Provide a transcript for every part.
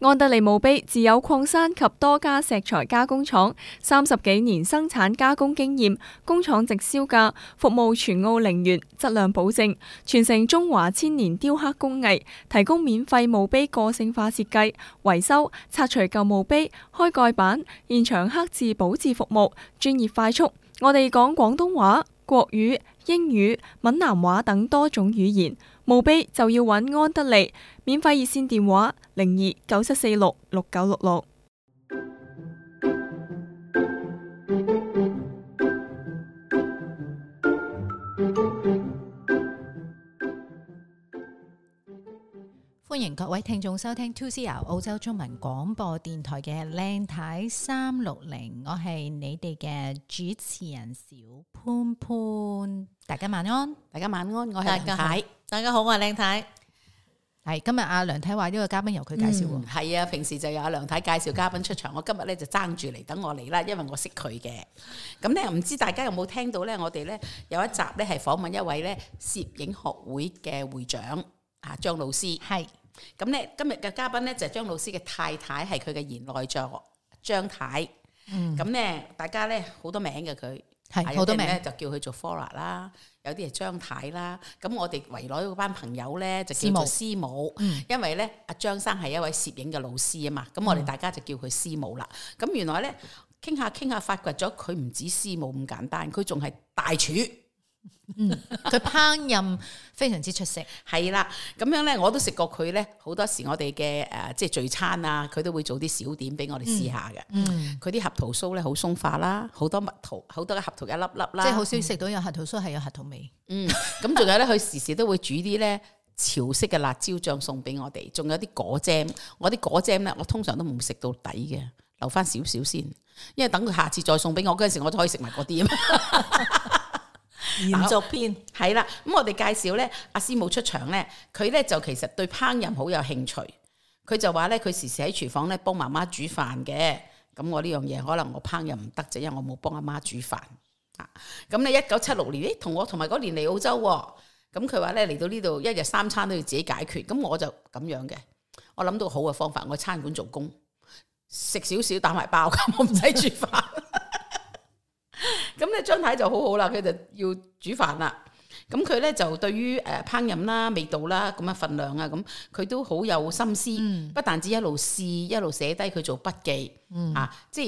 安德利墓碑自有礦山及多家石材加工廠，三十幾年生產加工經驗，工廠直銷價，服務全澳陵園，質量保證，傳承中華千年雕刻工藝，提供免費墓碑個性化設計、維修、拆除舊墓碑、開蓋板、現場刻字、保字服務，專業快速。我哋講廣東話、國語、英語、閩南話等多種語言。墓碑就要揾安德利免費熱線電話：零二九七四六六九六六。6歡迎各位聽眾收聽 2CR 澳洲中文廣播電台嘅靚太360，我係你哋嘅主持人小潘潘。大家晚安，大家晚安。我係靚太。大家好，我係靚太。係今日阿梁太話呢個嘉賓由佢介紹喎。係啊，平時就有阿梁太介紹嘉賓出場。我今日咧就爭住嚟，等我嚟啦，因為我識佢嘅。咁咧唔知大家有冇聽到咧？我哋咧有一集咧係訪問一位咧攝影學會嘅會長啊，張老師係。咁咧，今日嘅嘉賓咧就係、係、張老師嘅太太，係佢嘅賢內助張太。嗯。咁咧，大家咧好多名嘅佢，係好係、啊、多名就叫佢做 Flora 啦，有啲係張太啦。咁我哋圍內嗰班朋友咧就叫做師母，師母嗯、因為咧阿張生係一位攝影嘅老師啊嘛。咁我哋大家就叫佢師母啦。咁、嗯、原來咧傾下傾下，發掘咗佢唔止師母咁簡單，佢仲係大廚。 嗯，佢烹飪非常之出色，係啦、嗯。咁、嗯、樣咧，我都食過佢咧。好多時我哋嘅誒，即係聚餐啊，佢都會做啲小點俾我哋試下嘅。嗯，佢啲核桃酥咧好鬆化啦，好多蜜桃，好多嘅核桃一粒粒啦。即係好少食到有核桃酥，係有核桃味。嗯，咁、嗯、仲 有咧，佢時時都會煮啲咧潮式嘅辣椒醬送俾我哋，仲有啲果醬。我啲果醬咧，我通常都唔食到底嘅，留翻少少先，因為等佢下次再送俾我嗰陣時，我都可以食埋嗰啲。 連續篇，係啦，咁我哋介紹咧，阿師母出場咧，佢咧就其實對烹飪好有興趣，佢就話咧佢時時喺廚房咧幫媽媽煮飯嘅，咁我呢樣嘢可能我烹飪唔得啫，因為我冇幫阿媽煮飯啊。咁咧一九七六年，誒同我同埋嗰年嚟澳洲，啊，咁佢話咧嚟到呢度一日三餐都要自己解決，咁我就咁樣嘅，我諗到好嘅方法，我喺餐館做工，食少少打埋包，咁我唔使煮飯。 咁咧，張太太就好好啦，佢就要煮飯啦。咁佢咧就對於誒烹飪啦、味道啦、咁嘅份量啊，咁佢都好有心思，嗯、不但止一路試，一路寫低佢做筆記。嗯、啊，即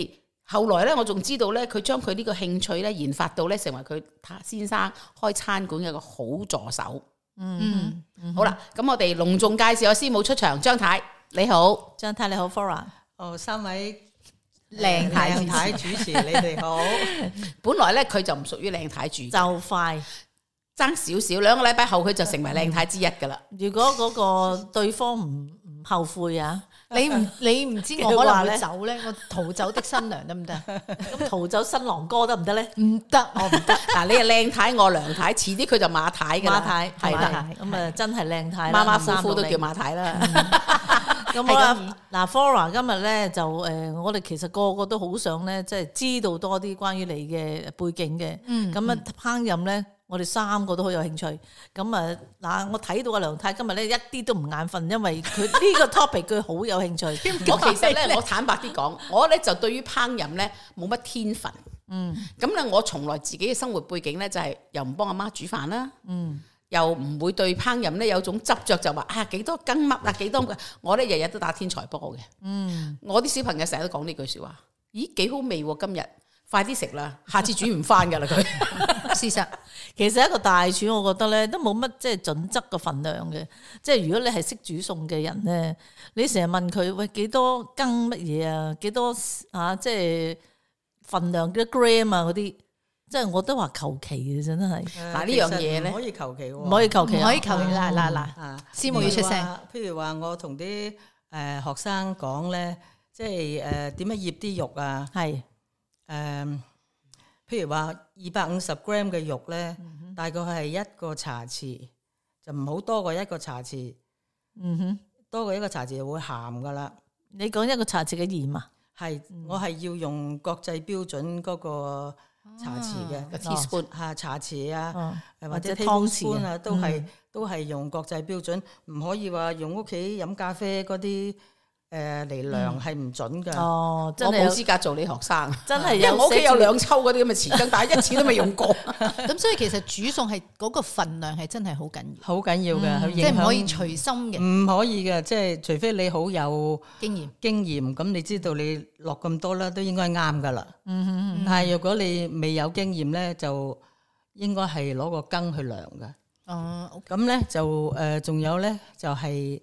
係後來咧，我仲知道咧，佢將佢呢個興趣咧研發到咧，成為佢先生開餐館嘅一個好助手。嗯，嗯好啦，咁我哋隆重介紹我師母出場，張太你好，張太你好 Flora 哦，三位。靚太太主持，你哋好。本來咧佢就唔屬於靚太主，就快爭少少，兩個禮拜後佢就成為靚太之一噶啦。如果嗰個對方唔唔後悔啊，你唔你唔知我可能會走咧，我逃走的新娘得唔得？咁逃走新郎哥得唔得咧？唔得，我唔得。嗱，你係靚太，我梁太，遲啲佢就馬太噶啦。馬太係啦，咁啊真係靚太，媽媽夫婦都叫馬太啦。咁啊，嗱、啊、Flora 今日咧就誒、呃，我哋其實個個都好想咧，即、就、係、是、知道多啲關於你嘅背景嘅。嗯，咁啊，嗯、烹飪咧，我哋三個都好有興趣。咁啊，嗱、啊，我睇到阿梁太今日咧一啲都唔眼瞓，因為佢呢個 topic 佢好有興趣。 我其實咧，我坦白啲講， 我咧就對於烹飪咧冇乜天分。嗯，咁咧我從來自己嘅生活背景咧就係又唔幫阿媽煮飯啦。嗯。又唔會對烹飪咧有種執着，就話啊幾多羹乜啊，幾多，啊幾多？我咧日日都打天才波嘅。嗯，我啲小朋友成日都講呢句説話：咦幾好味喎！今日快啲食啦，下次煮唔翻噶啦佢。事實 其實一個大廚，我覺得咧都冇乜即係準則個份量嘅。即係如果你係識煮餸嘅人咧，你成日問佢喂，幾多羹乜嘢啊？幾多啊？即係份量幾多 gram 啊？嗰啲。即係我都話求其嘅，真係。嗱呢樣嘢咧，可以求其，唔可以求其，唔可以求其。嗱嗱嗱，師母要出聲。譬如話我同啲誒學生講咧，即係誒點樣醃啲肉啊？係誒，譬如話二百五十 gram 嘅肉咧，大概係一個茶匙，就唔好多過一個茶匙。嗯哼，多過一個茶匙就會鹹噶啦。你講一個茶匙嘅鹽啊？係我係要用國際標準嗰個。茶匙嘅，吓、啊、茶匙啊，或者，或者湯匙啊，都係都係用國際標準，唔可以話用屋企飲咖啡嗰啲。誒，嚟量係唔準噶，我冇資格做你學生，真係因為我屋企有兩抽嗰啲咁嘅匙羹，但係一次都未用過，咁所以其實煮餸係嗰個份量係真係好緊要，好緊要噶，即係唔可以隨心嘅，唔可以嘅，即係除非你好有經驗，經驗咁你知道你落咁多啦，都應該啱噶啦，但係如果你未有經驗咧，就應該係攞個羹去量噶，哦，咁咧就誒，仲有咧就係。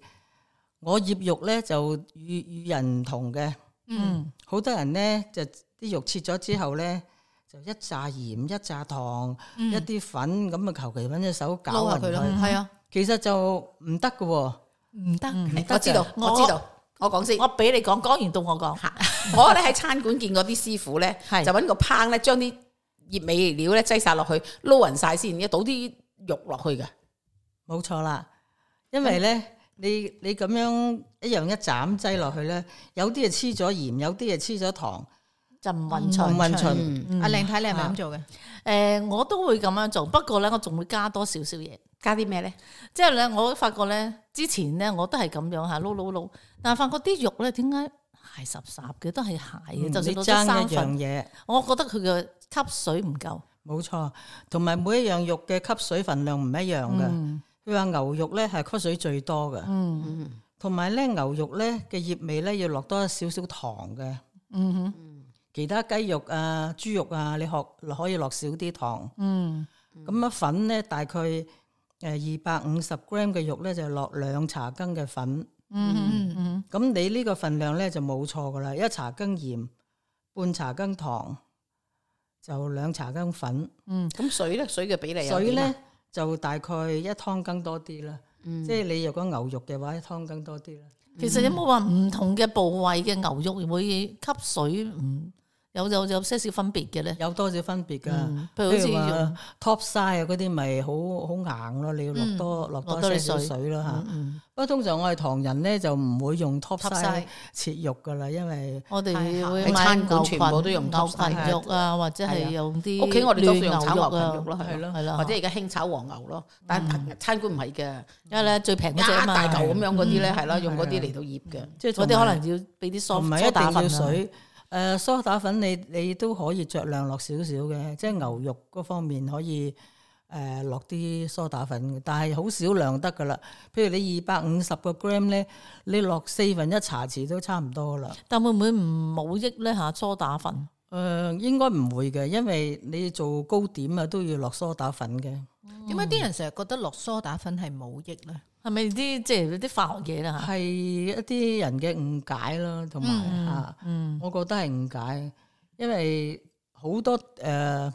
我醃肉咧就與與人唔同嘅，嗯，好多人咧就啲肉切咗之後咧，就一炸鹽一炸糖，一啲粉咁啊，求其搵隻手攪勻佢，係啊，其實就唔得嘅，唔得，我知道，我知道，我講先，我俾你講，講完到我講，我咧喺餐館見嗰啲師傅咧，就搵個烹咧將啲醃味料咧擠晒落去，撈勻晒先，要倒啲肉落去嘅，冇錯啦，因為咧。你你咁樣一樣一斬劑落去咧，有啲係黐咗鹽，有啲係黐咗糖，就唔勻勻唔勻勻。嗯嗯、阿靚太，你係咪咁做嘅？誒、嗯呃，我都會咁樣做，不過咧，我仲會加多少少嘢。加啲咩咧？即係咧，我發覺咧，之前咧，我都係咁樣吓，撈撈撈，但係發覺啲肉咧，點解鹹濕濕嘅？都係鹹嘅，就算攞啲生粉，嗯、我覺得佢嘅吸水唔夠。冇錯，同埋每一樣肉嘅吸水分量唔一樣嘅。嗯佢話牛肉咧係吸水最多嘅、嗯，嗯嗯，同埋咧牛肉咧嘅醃味咧要落多少少糖嘅、嗯，嗯哼，其他雞肉啊、豬肉啊，你可可以落少啲糖，嗯，嗯，咁啊粉咧大概誒二百五十 gram 嘅肉咧就落兩茶羹嘅粉，嗯嗯，咁、嗯、你呢個份量咧就冇錯噶啦，一茶羹鹽，半茶羹糖，就兩茶羹粉，嗯，咁水咧水嘅比例，水咧。就大概一湯羹多啲啦，嗯、即係你如果牛肉嘅話，一湯羹多啲啦。嗯、其實有冇話唔同嘅部位嘅牛肉會吸水唔？嗯有有有些少分別嘅咧，有多少分別噶？譬如好似 top size 啊嗰啲，咪好好硬咯，你要落多落多些少水咯嚇。不過通常我哋唐人咧，就唔會用 top size 切肉噶啦，因為我哋喺餐館全部都用 top 牛羮肉啊，或者係用啲屋企我哋都亂牛羮肉咯，係咯，或者而家興炒黃牛咯，但係餐館唔係嘅，因為咧最平嗰隻嘛，一大嚿咁樣嗰啲咧係啦，用嗰啲嚟到醃嘅，即係嗰啲可能要俾啲 soft 一大水。誒，梳打粉，你你都可以酌量落少少嘅，即係牛肉嗰方面可以誒落啲梳打粉，但係好少量得噶啦。譬如你二百五十個 gram 咧，你落四分一茶匙都差唔多啦。但會唔會唔冇益咧吓？梳打粉？嗯誒、呃，應該唔會嘅，因為你做糕點啊，都要落梳打粉嘅。點解啲人成日覺得落梳打粉係冇益咧？係咪啲即係啲化學嘢啦？係一啲人嘅誤解囉，同埋吓，嗯嗯、我覺得係誤解，因為好多誒、呃，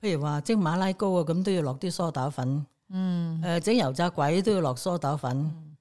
譬如話蒸馬拉糕啊，咁都要落啲梳打粉。嗯。誒、呃，整油炸鬼都要落梳打粉。嗯、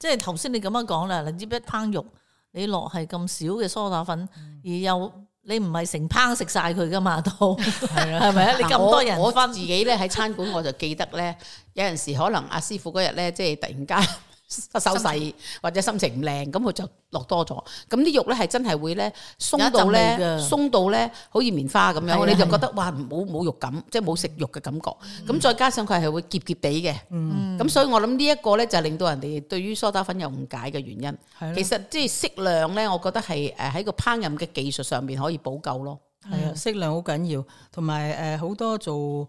即係頭先你咁樣講啦，你知唔知，只不過醃肉，你落係咁少嘅梳打粉，嗯、而又你唔係成烹食晒佢㗎嘛？都係啊，係咪啊？你咁多人我，我分自己咧喺餐館我就記得咧， 有陣時可能阿、啊、師傅嗰日咧，即係突然間。 手細或者心情唔靚，咁佢就落多咗。咁啲肉咧係真係會咧鬆到咧，鬆到咧好似棉花咁樣，是的 你就覺得哇，冇冇肉感，即係冇食肉嘅感覺。咁再加上佢係會結結地嘅，咁、嗯、所以我諗呢一個咧就令到人哋對於梳打粉有誤解嘅原因。的其實即係適量咧，我覺得係誒喺個烹飪嘅技術上面可以補救咯。係啊，適量好緊要，同埋誒好多做。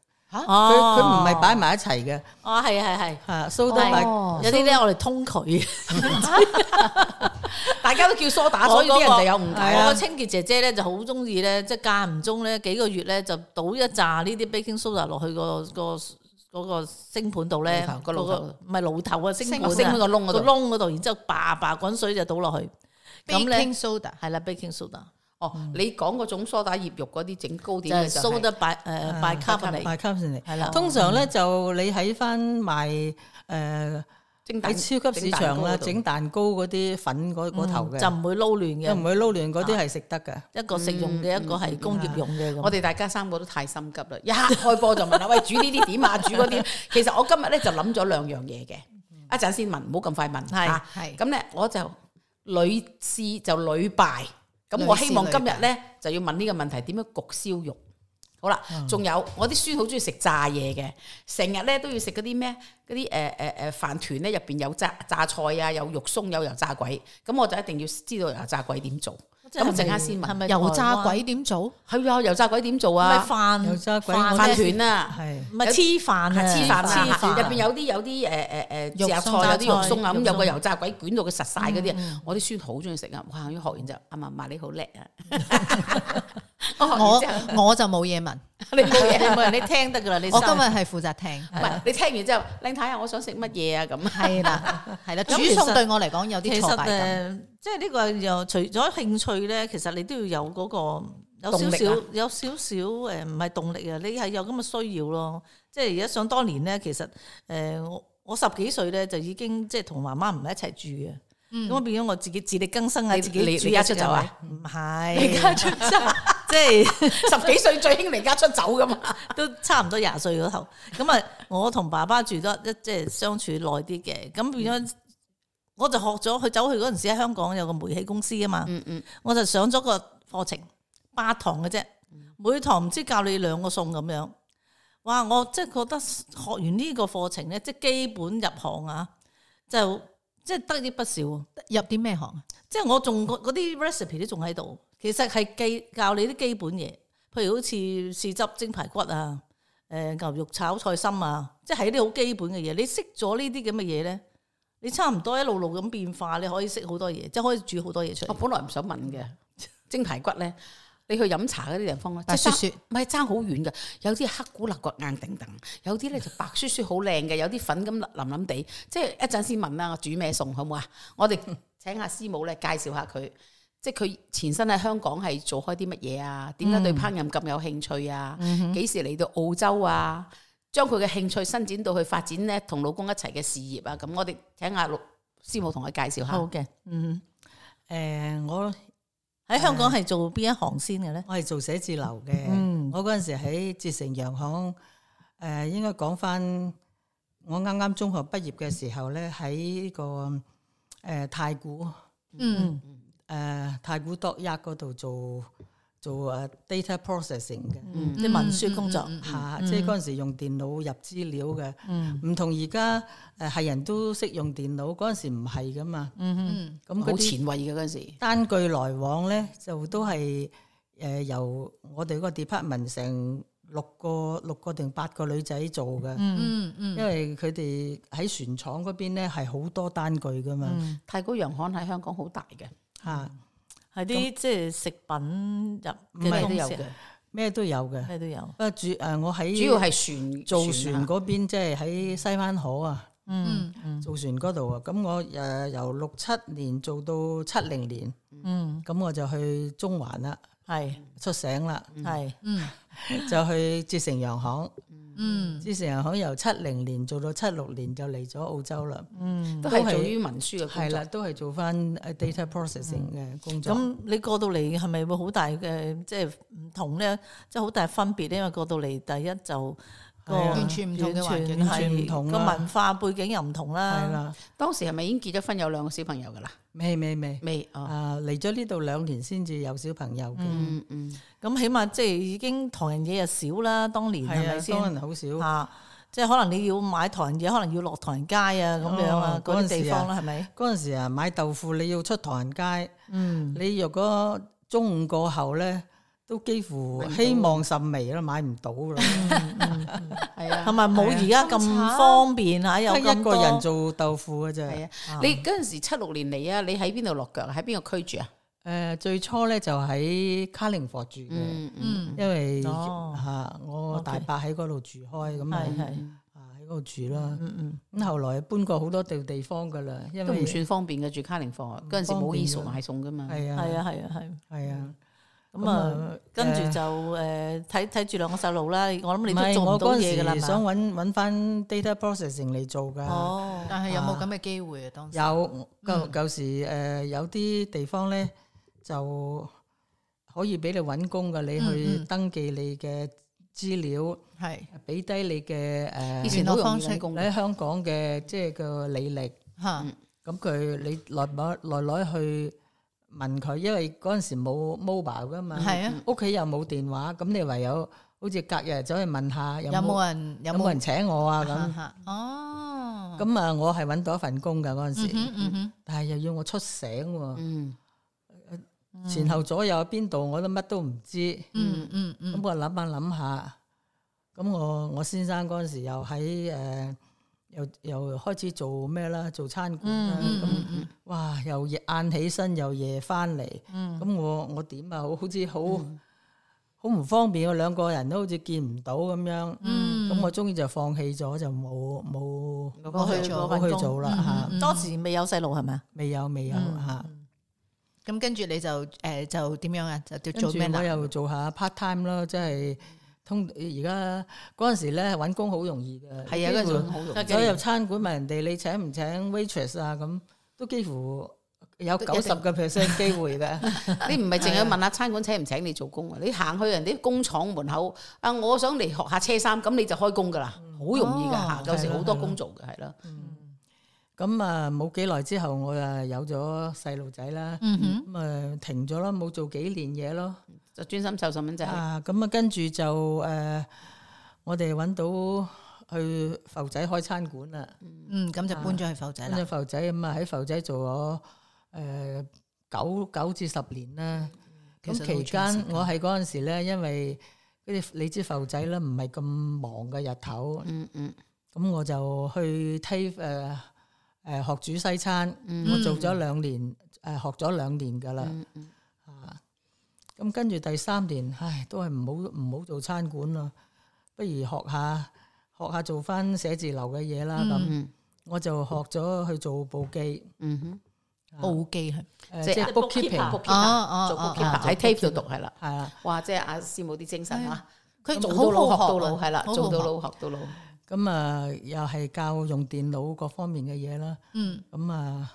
嚇！佢佢唔係擺埋一齊嘅。哦，係係係。係蘇打有啲咧，我哋通佢。大家都叫蘇打，所以啲人哋有誤解。我個清潔姐姐咧就好中意咧，即係間唔中咧幾個月咧就倒一紮呢啲 baking soda 落去個個嗰個星盤度咧，個爐頭唔係爐頭個星盤個窿度，窿嗰度，然之後叭叭滾水就倒落去。咁 a soda 係啦，baking soda。哦，你講嗰種梳打醃肉嗰啲整糕點嘅時候，得拜誒拜卡嚟，拜卡嚟，係啦。通常咧就你喺翻賣誒喺超級市場啦，整蛋糕嗰啲粉嗰頭嘅，就唔會撈亂嘅，唔會撈亂嗰啲係食得嘅。一個食用嘅，一個係工業用嘅。我哋大家三個都太心急啦，一開波就問啦，喂，煮呢啲點啊？煮嗰啲。其實我今日咧就諗咗兩樣嘢嘅。一陣先問，唔好咁快問嚇。係咁咧，我就屢試就屢敗。咁我希望今日咧就要問呢個問題，點樣焗燒肉？好啦，仲、嗯、有我啲孫好中意食炸嘢嘅，成日咧都要食嗰啲咩？嗰啲誒誒誒飯團咧入邊有炸炸菜啊，有肉鬆，有油炸鬼，咁我就一定要知道油炸鬼點做。咁陣間先問，油炸鬼點做？係啊，油炸鬼點做啊？咪飯飯團啊，係，咪黐飯啊，黐飯啊，入邊有啲有啲誒誒誒，肉菜有啲肉鬆啊，咁有個油炸鬼捲到佢實晒嗰啲啊，我啲孫好中意食啊，哇！要學完就阿嫲，阿嫲，你好叻啊！我我就冇嘢問，你冇嘢問，你聽得噶啦。你，我今日係負責聽，唔係你聽完之後，你睇下我想食乜嘢啊咁。係啦，係啦。煮餸對我嚟講有啲挫敗。即係呢個又除咗興趣咧，其實你都要有嗰個有少少有少少誒，唔係動力啊。你係有咁嘅需要咯。即係而家想當年咧，其實誒，我十幾歲咧就已經即係同媽媽唔係一齊住啊。咁變咗我自己自力更生啊，自己住一出走啊？唔係，離家出即 係十幾歲最興離家出走㗎嘛， 都差唔多廿歲嗰頭咁啊。我同爸爸住得即係相處耐啲嘅，咁變咗我就學咗佢走去嗰陣時喺香港有個煤氣公司啊嘛，嗯嗯我就上咗個課程八堂嘅啫，每堂唔知教你兩個餸，咁樣。哇！我即係覺得學完呢個課程咧，即係基本入行啊，就即係得益不少。入啲咩行啊？即係我仲嗰啲 recipe 都仲喺度。其實係基教你啲基本嘢，譬如好似豉汁蒸排骨啊，誒牛肉炒菜心啊，即係一啲好基本嘅嘢。你識咗呢啲咁嘅嘢咧，你差唔多一路路咁變化，你可以識好多嘢，即係可以煮好多嘢出嚟。我本來唔想問嘅， 蒸排骨咧，你去飲茶嗰啲地方咧，白雪雪，唔係爭好遠噶，有啲黑古立骨硬頂頂，有啲咧就白雪雪好靚嘅，有啲粉咁腍腍地，即係一陣先問啦。我煮咩餸好唔好啊？我哋請阿師母咧介紹下佢。即係佢前身喺香港係做開啲乜嘢啊？點解對烹飪咁有興趣啊？幾、嗯、哼時嚟到澳洲啊？將佢嘅興趣伸展到去發展咧，同老公一齊嘅事業啊！咁我哋請阿陸師傅同佢介紹下。好嘅，嗯，誒、呃，我喺、呃、香港係做邊一行先嘅咧、呃？我係做寫字樓嘅。嗯、哼我嗰陣時喺捷成洋行，誒、呃，應該講翻我啱啱中學畢業嘅時候咧，喺呢個誒、呃、太古。嗯。誒太古 d 度做做誒 data processing 嘅，即係文書工作吓，即係嗰陣時用電腦入資料嘅，唔同而家誒係人都識用電腦，嗰陣時唔係噶嘛。咁好前衛嘅嗰陣時，單據來往咧就都係誒由我哋個 department 成六個六個定八個女仔做嘅，因為佢哋喺船廠嗰邊咧係好多單據噶嘛。太古洋行喺香港好大嘅。吓，係啲即係食品入嘅公司，咩、嗯、都有嘅，咩都有。啊，主誒，我喺主要係船造船嗰邊，嗯、即係喺西灣河啊，嗯嗯，造船嗰度啊。咁我誒由六七年做到七零年，嗯，咁我就去中環啦，係、嗯、出省啦，係、嗯，就去捷成洋行。嗯，之前可能由七零年做到七六年就嚟咗澳洲啦，嗯，都係做於文書嘅工作，係啦，都係做翻 data processing 嘅工作。咁，嗯嗯，你過到嚟係咪會好大嘅即係唔同咧？即係好大分別咧？因為過到嚟第一就。完全唔同嘅環境，完全唔同，個文化背景又唔同啦。係啦，當時係咪已經結咗婚有兩個小朋友噶啦？未未未未哦，嚟咗呢度兩年先至有小朋友嘅。嗯嗯，咁起碼即係已經唐人嘢又少啦。當年係啊，唐人好少嚇，即係可能你要買唐人嘢，可能要落唐人街啊咁樣啊嗰啲地方啦，係咪？嗰陣時啊，買豆腐你要出唐人街。嗯，你若果中午過後咧。都幾乎希望甚微啦，買唔到啦。係啊，係咪冇而家咁方便啊，有一個人做豆腐嘅啫。係啊，你嗰陣時七六年嚟啊，你喺邊度落腳喺邊個區住啊？誒，最初咧就喺卡寧佛住嘅，因為嚇我大伯喺嗰度住開，咁啊喺嗰度住啦。咁後來搬過好多地地方噶啦，因為唔算方便嘅住卡寧佛。嗰陣時冇 e 送埋餸噶嘛。係啊係啊係啊係。係啊。咁啊，跟住就誒睇睇住兩個細路啦。我諗你都做唔到嘢噶啦。想揾揾翻 data processing 嚟做噶。哦，但係有冇咁嘅機會啊？當時有舊舊時誒有啲地方咧就可以俾你揾工嘅，你去登記你嘅資料，係俾低你嘅誒。以前好容易喺香港嘅即係個履歷嚇。咁佢你來冇來來去。問佢，因為嗰陣時冇 mobile 噶嘛，屋企、啊、又冇電話，咁你唯有好似隔日走去問下有有，有冇人有冇人請我啊咁？哦，咁啊，我係揾到一份工噶嗰陣時，嗯嗯、但係又要我出醒喎、啊，嗯、前後左右邊度我都乜都唔知，咁、嗯嗯嗯、我諗下諗下，咁我我先生嗰陣時又喺誒。呃又又開始做咩啦？做餐館啦咁，哇！又晏起身，又夜翻嚟，咁我我點啊？好似好好唔方便，啊，兩個人都好似見唔到咁樣。咁我終於就放棄咗，就冇冇冇去做啦嚇。當時未有細路係咪啊？未有未有嚇。咁跟住你就誒就點樣啊？就做咩我又做下 part time 咯，即係。而家嗰陣時咧揾工好容易嘅，係啊，嗰陣好容易，走入餐館問人哋、嗯、你請唔請 waitress 啊咁，都幾乎有九十個 percent 機會嘅。你唔係淨係問下餐館請唔請你做工啊？你行去人啲工廠門口啊，我想嚟學下車衫，咁你就開工噶啦，好、嗯、容易噶嚇。有時好多工做嘅，係咯。咁啊，冇幾耐之後，我啊有咗細路仔啦。咁啊、嗯嗯、停咗啦，冇做幾年嘢咯。就專心湊十蚊仔。啊，咁啊，跟住就誒，我哋揾到去埠仔開餐館啦。嗯，咁就搬咗去埠仔啦。搬咗埠仔咁啊，喺埠仔做咗誒九九至十年啦。咁期間，我係嗰陣時咧，因為啲你知埠仔咧唔係咁忙嘅日頭。嗯嗯。咁我就去睇誒誒學煮西餐。我做咗兩年，誒學咗兩年嘅啦。啊。咁跟住第三年，唉，都係唔好唔好做餐館啦，不如學下學下做翻寫字樓嘅嘢啦。咁我就學咗去做簿記，簿記係，即係 bookkeeper，哦哦哦，喺 tape 度讀係啦，係啦。話，即係阿師母啲精神啊，佢做到老學到老，係啦，做到老學到老。咁啊，又係教用電腦各方面嘅嘢啦。嗯，咁啊，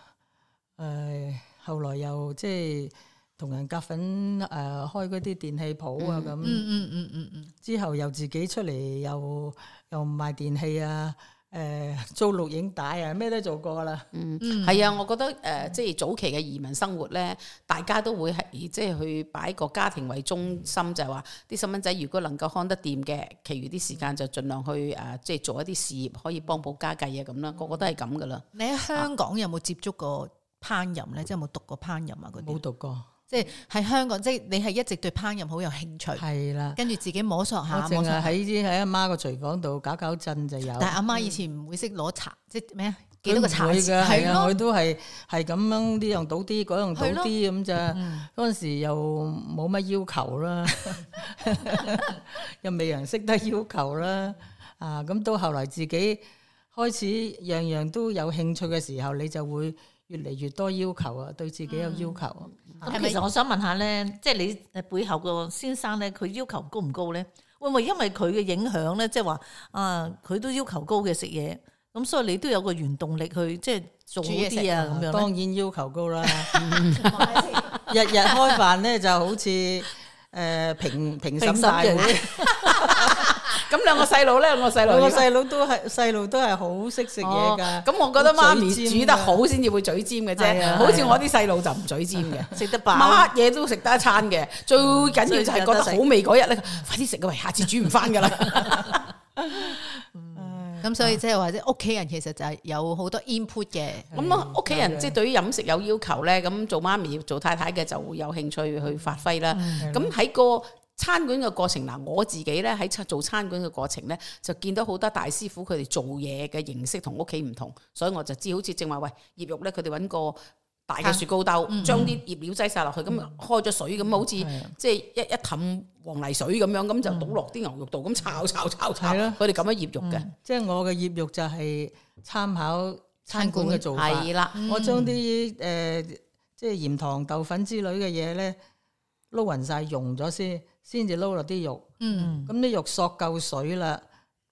誒，後來又即係。同人夾份，誒開嗰啲電器鋪啊咁，之後又自己出嚟，又又賣電器啊，誒租錄影帶啊咩都做過噶啦。嗯，係啊，我覺得誒，即係早期嘅移民生活咧，大家都會係即係去擺個家庭為中心，就係話啲細蚊仔如果能夠看得掂嘅，其餘啲時間就盡量去誒即係做一啲事業，可以幫補家計啊咁啦，個個都係咁噶啦。你喺香港有冇接觸過烹飪咧？即係有冇讀過烹飪啊？嗰啲冇讀過。即係喺香港，即係你係一直對烹飪好有興趣。係啦的，跟住自己摸索下。我淨係喺喺阿媽個廚房度搞搞震就有。但係阿媽以前唔會識攞茶，嗯、即係咩啊？幾多個茶匙係啊？佢都係係咁樣呢的樣倒啲，嗰樣倒啲咁咋。嗰陣時又冇乜要求啦， 又未人識得要求啦。啊，咁到後來自己開始樣樣都有興趣嘅時候，你就會越嚟越多要求啊，對自己有要求。嗯咁其實我想問下咧，即係你誒背後個先生咧，佢要求高唔高咧？會唔會因為佢嘅影響咧，即係話啊，佢都要求高嘅食嘢，咁所以你都有個原動力去即係做啲啊咁樣咧？當然要求高啦，日日開飯咧就好似誒評評審曬咁。呃心 咁兩個細路咧，兩個細路，兩個細路都係細路都係好識食嘢噶。咁、哦、我覺得媽咪煮得好先至會嘴尖嘅啫。啊啊、好似我啲細路就唔嘴尖嘅，食得飽，乜嘢都食得一餐嘅。最緊要就係覺得好味嗰日咧，快啲食啊！喂，下次煮唔翻噶啦。咁所以即係話者屋企人其實就係有好多 input 嘅。咁屋企人即係對於飲食有要求咧，咁做媽咪做太太嘅就會有興趣去發揮啦。咁喺個餐館嘅過程嗱，我自己咧喺做餐館嘅過程咧，就見到好多大師傅佢哋做嘢嘅形式同屋企唔同，所以我就知好似正話喂醃肉咧，佢哋揾個大嘅雪糕兜，將啲醃料擠晒落去，咁、嗯、開咗水咁，好似即係一、嗯、一氹黃泥水咁樣，咁、嗯、就倒落啲牛肉度，咁炒，炒炒炒炒，佢哋咁樣醃肉嘅、嗯。即係我嘅醃肉就係參考餐館嘅做法。係啦，我將啲誒即係鹽糖豆粉之類嘅嘢咧，撈匀晒溶咗先。先至撈落啲肉，咁啲肉索夠水啦，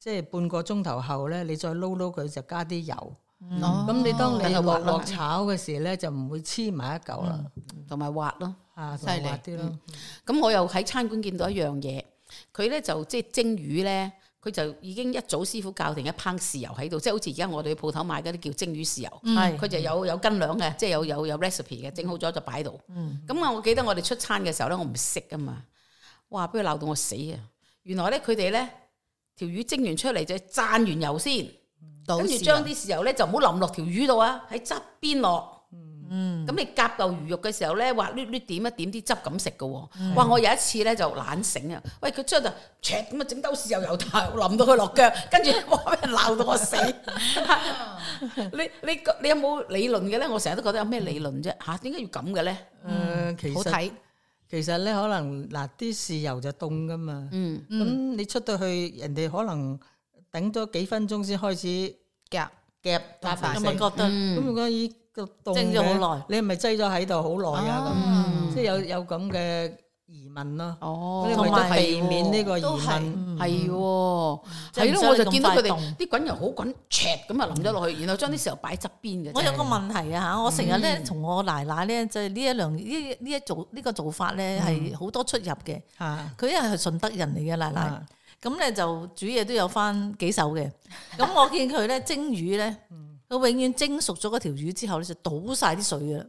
即係半個鐘頭後咧，你再撈撈佢就加啲油，咁你當你落鑊炒嘅時咧就唔會黐埋一嚿啦，同埋滑咯，啊，細滑啲咯。咁我又喺餐館見到一樣嘢，佢咧就即係蒸魚咧，佢就已經一早師傅教定一烹豉油喺度，即係好似而家我哋鋪頭買嗰啲叫蒸魚豉油，佢就有有斤兩嘅，即係有有有 recipe 嘅，整好咗就擺度。咁啊，我記得我哋出餐嘅時候咧，我唔食噶嘛。哇！俾佢鬧到我死啊！原來咧，佢哋咧條魚蒸完出嚟，就係蘸完油先，跟住將啲豉油咧就唔好淋落條魚度啊，喺側邊落。嗯，咁你夾嚿魚肉嘅時候咧，滑捋捋點一點啲汁咁食嘅。哇！我有一次咧就懶醒啊，喂佢出就，咁啊整兜豉油油頭淋到佢落腳，跟住我俾人鬧到我死。你你你有冇理論嘅咧？我成日都覺得有咩理論啫？吓，點解要咁嘅咧？誒，其實。其實咧，可能嗱啲豉油就凍噶嘛，咁、嗯、你出到去，人哋可能等咗幾分鐘先開始夾夾白飯食。咁咪覺得咁？嗯、如果依個凍咗好耐，你係咪擠咗喺度好耐啊？咁即係有有咁嘅。問咯，同埋避免呢個疑問，係喎，係咯，我就見到佢哋啲滾油好滾，灼咁啊淋咗落去，然後將啲豉油擺側邊嘅。我有個問題啊吓，我成日咧同我奶奶咧，就呢一兩呢呢一做呢個做法咧，係好多出入嘅。佢因為係順德人嚟嘅奶奶，咁咧就煮嘢都有翻幾手嘅。咁我見佢咧蒸魚咧，佢永遠蒸熟咗個條魚之後咧就倒晒啲水嘅。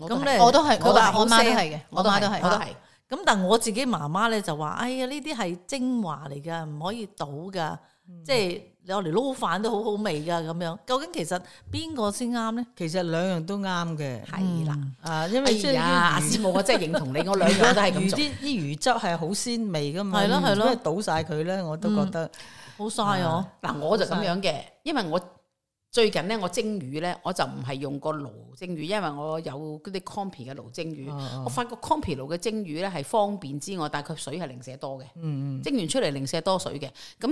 咁咧我都係，我阿我媽都係嘅，我阿媽都係，我都係。咁但係我自己媽媽咧就話：哎呀，呢啲係精華嚟噶，唔可以倒噶，即係攞嚟撈飯都好好味噶咁樣。究竟其實邊個先啱咧？其實兩樣都啱嘅。係啦，啊，因為啊，阿師母我真係認同你，我兩樣都係咁做。啲魚汁係好鮮味噶嘛，如果倒晒佢咧，我都覺得好嘥哦。嗱，我就咁樣嘅，因為我。最近咧，我蒸魚咧，我就唔係用個爐蒸魚，因為我有嗰啲康皮嘅爐蒸魚。啊、我發覺康皮爐嘅蒸魚咧係方便之外，但係佢水係零舍多嘅。嗯、蒸完出嚟零舍多水嘅，咁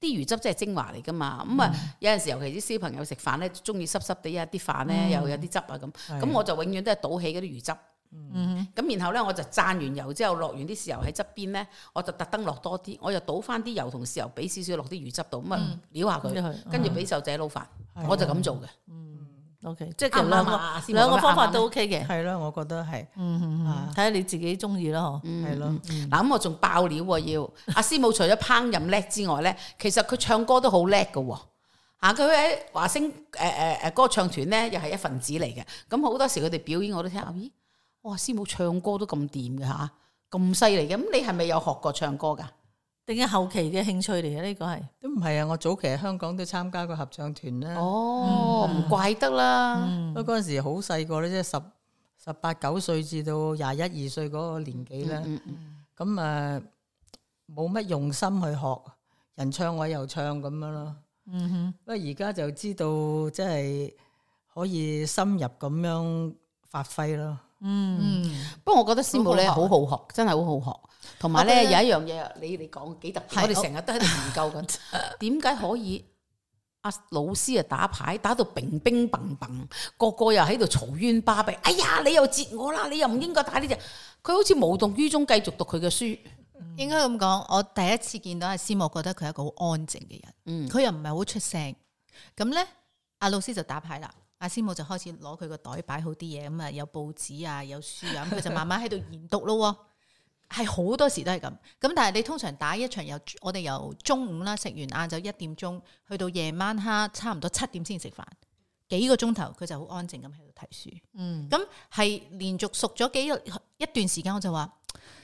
啲魚汁即係精華嚟噶嘛？咁啊、嗯，嗯、有陣時尤其啲小朋友食飯咧，中意濕濕哋啊，啲飯咧又有啲汁啊咁，咁的我就永遠都係倒起嗰啲魚汁。嗯，咁、嗯、哼然後咧，我就炸完油之後落完啲豉油喺側邊咧，我就特登落多啲，我又倒翻啲油同豉油，俾少少落啲魚汁度，咁啊撩下佢，跟住俾壽仔撈飯，我就咁、嗯、做嘅。嗯，O、OK, K，即係其實兩個兩個方法都 O K 嘅。係咯，我覺得係。睇下、嗯哼啊、你自己中意咯嗬。係咯、嗯嗯，嗱咁了、嗯、我仲爆料、啊、要阿、啊、師母，除咗烹飪叻之外咧，其實佢唱歌都好叻嘅。吓，佢喺華星誒誒誒歌唱團咧，又係一份子嚟嘅。咁好多時佢哋表演我都聽，咦、嗯？哇！師母唱歌都咁掂嘅嚇，咁犀利嘅咁，你係咪有學過唱歌噶？定係後期嘅興趣嚟嘅呢？個係？都唔係啊！我早期喺香港都參加過合唱團啦。哦，唔、嗯、怪得啦，不過嗰陣時好細個咧，即係十十八九歲至到廿一二歲嗰個年紀咧。咁誒冇乜用心去學，人唱我又唱咁樣咯。嗯哼，不過而家就知道即係可以深入咁樣發揮咯。嗯，不過我覺得師母咧好好學，真係好好學。同埋咧有一樣嘢，你你講幾特別是我哋成日都喺度研究緊，點解 可以阿老師啊打牌打到乒乒嘭嘭，個個又喺度嘈冤巴閉。哎呀，你又截我啦，你又唔應該打呢隻。佢好似無動於衷，繼續讀佢嘅書。嗯、應該咁講，我第一次見到阿師母，覺得佢係一個好安靜嘅人。佢、嗯、又唔係好出聲。咁咧，阿、啊、老師就打牌啦。阿師母就開始攞佢個袋擺好啲嘢，咁啊有報紙啊有書啊，咁佢就慢慢喺度研讀咯。係好 多時都係咁，咁但係你通常打一場又我哋由中午啦食完晏晝一點鐘，去到夜晚黑差唔多七點先食飯，幾個鐘頭佢就好安靜咁喺度睇書。嗯，咁係連續熟咗幾個一段時間，我就話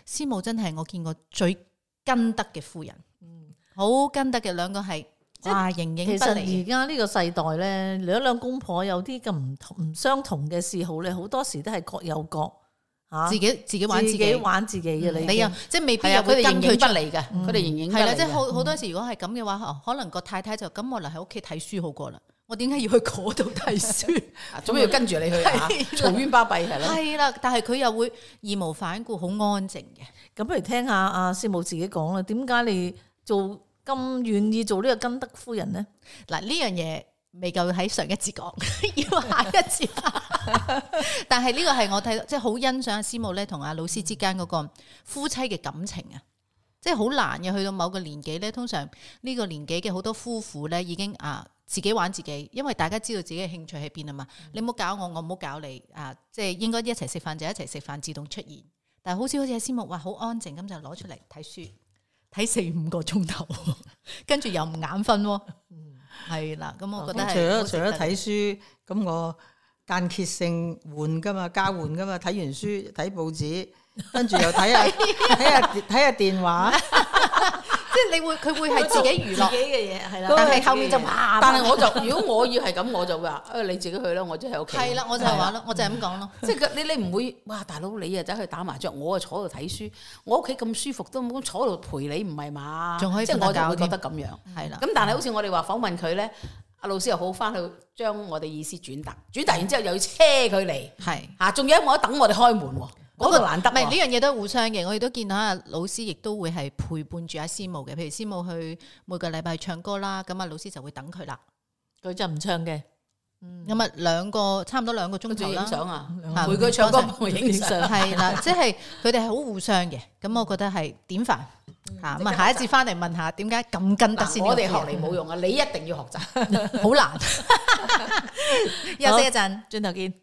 師母真係我見過最跟得嘅夫人。好、嗯、跟得嘅兩個係。哇！形影不離。其實而家呢個世代咧，兩兩公婆有啲咁唔同唔相同嘅嗜好咧，好多時都係各有各嚇，自己自己玩自己玩自己嘅你。你又即係未必有佢形佢不離嘅，佢哋形影不離。係啦，即係好好多時，如果係咁嘅話，可能個太太就咁我留喺屋企睇書好過啦。我點解要去嗰度睇書？做咩要跟住你去嘈冤巴閉？係咯。係啦，但係佢又會義無反顧，好安靜嘅。咁不如聽下阿師母自己講啦，點解你做？咁願意做呢個根德夫人呢？嗱，呢樣嘢未夠喺上一次講， 要下一次。 但係呢個係我睇，即係好欣賞阿師母咧同阿老師之間嗰個夫妻嘅感情啊！即係好難嘅，去到某個年紀咧，通常呢個年紀嘅好多夫婦咧已經啊自己玩自己，因為大家知道自己嘅興趣喺邊啊嘛。你唔好搞我，我唔好搞你啊！即、就、係、是、應該一齊食飯就一齊食飯，自動出現。但係好似好似阿師母話好安靜咁就攞出嚟睇書。睇四五個鐘頭， 跟住又唔眼瞓，係啦。 咁我覺得除咗除咗睇書，咁我間歇性換㗎嘛，加換㗎嘛。睇完書睇報紙，跟住又睇下睇下睇下電話。 即係你會佢會係自己娛樂自己嘅嘢係啦，但係後面就麻麻。但係我就如果我要係咁，我就話誒你自己去啦，我真喺屋企。係啦，我就係話咯，我就係咁講咯。即係你你唔會哇，大佬你啊走去打麻雀，我啊坐度睇書。我屋企咁舒服都冇坐度陪你，唔係嘛？仲可以瞓覺。即係我會覺得咁樣係啦。咁但係好似我哋話訪問佢咧，阿老師又好翻去將我哋意思轉達，轉達完之後又要車佢嚟，係嚇，仲有我等我哋開門喎。嗰個難得，唔係呢樣嘢都係互相嘅。我哋都見到老師，亦都會係陪伴住阿師母嘅。譬如師母去每個禮拜唱歌啦，咁啊老師就會等佢啦。佢就唔唱嘅。咁啊、嗯、兩個差唔多兩個鐘頭啦。影相啊，陪佢唱歌影影相。係啦、嗯， 即係佢哋係好互相嘅。咁我覺得係典範嚇。咁啊、嗯、下一次翻嚟問下點解咁跟得先、嗯？我哋學嚟冇用啊！你一定要學習，好 很難。休 息一陣，轉頭見。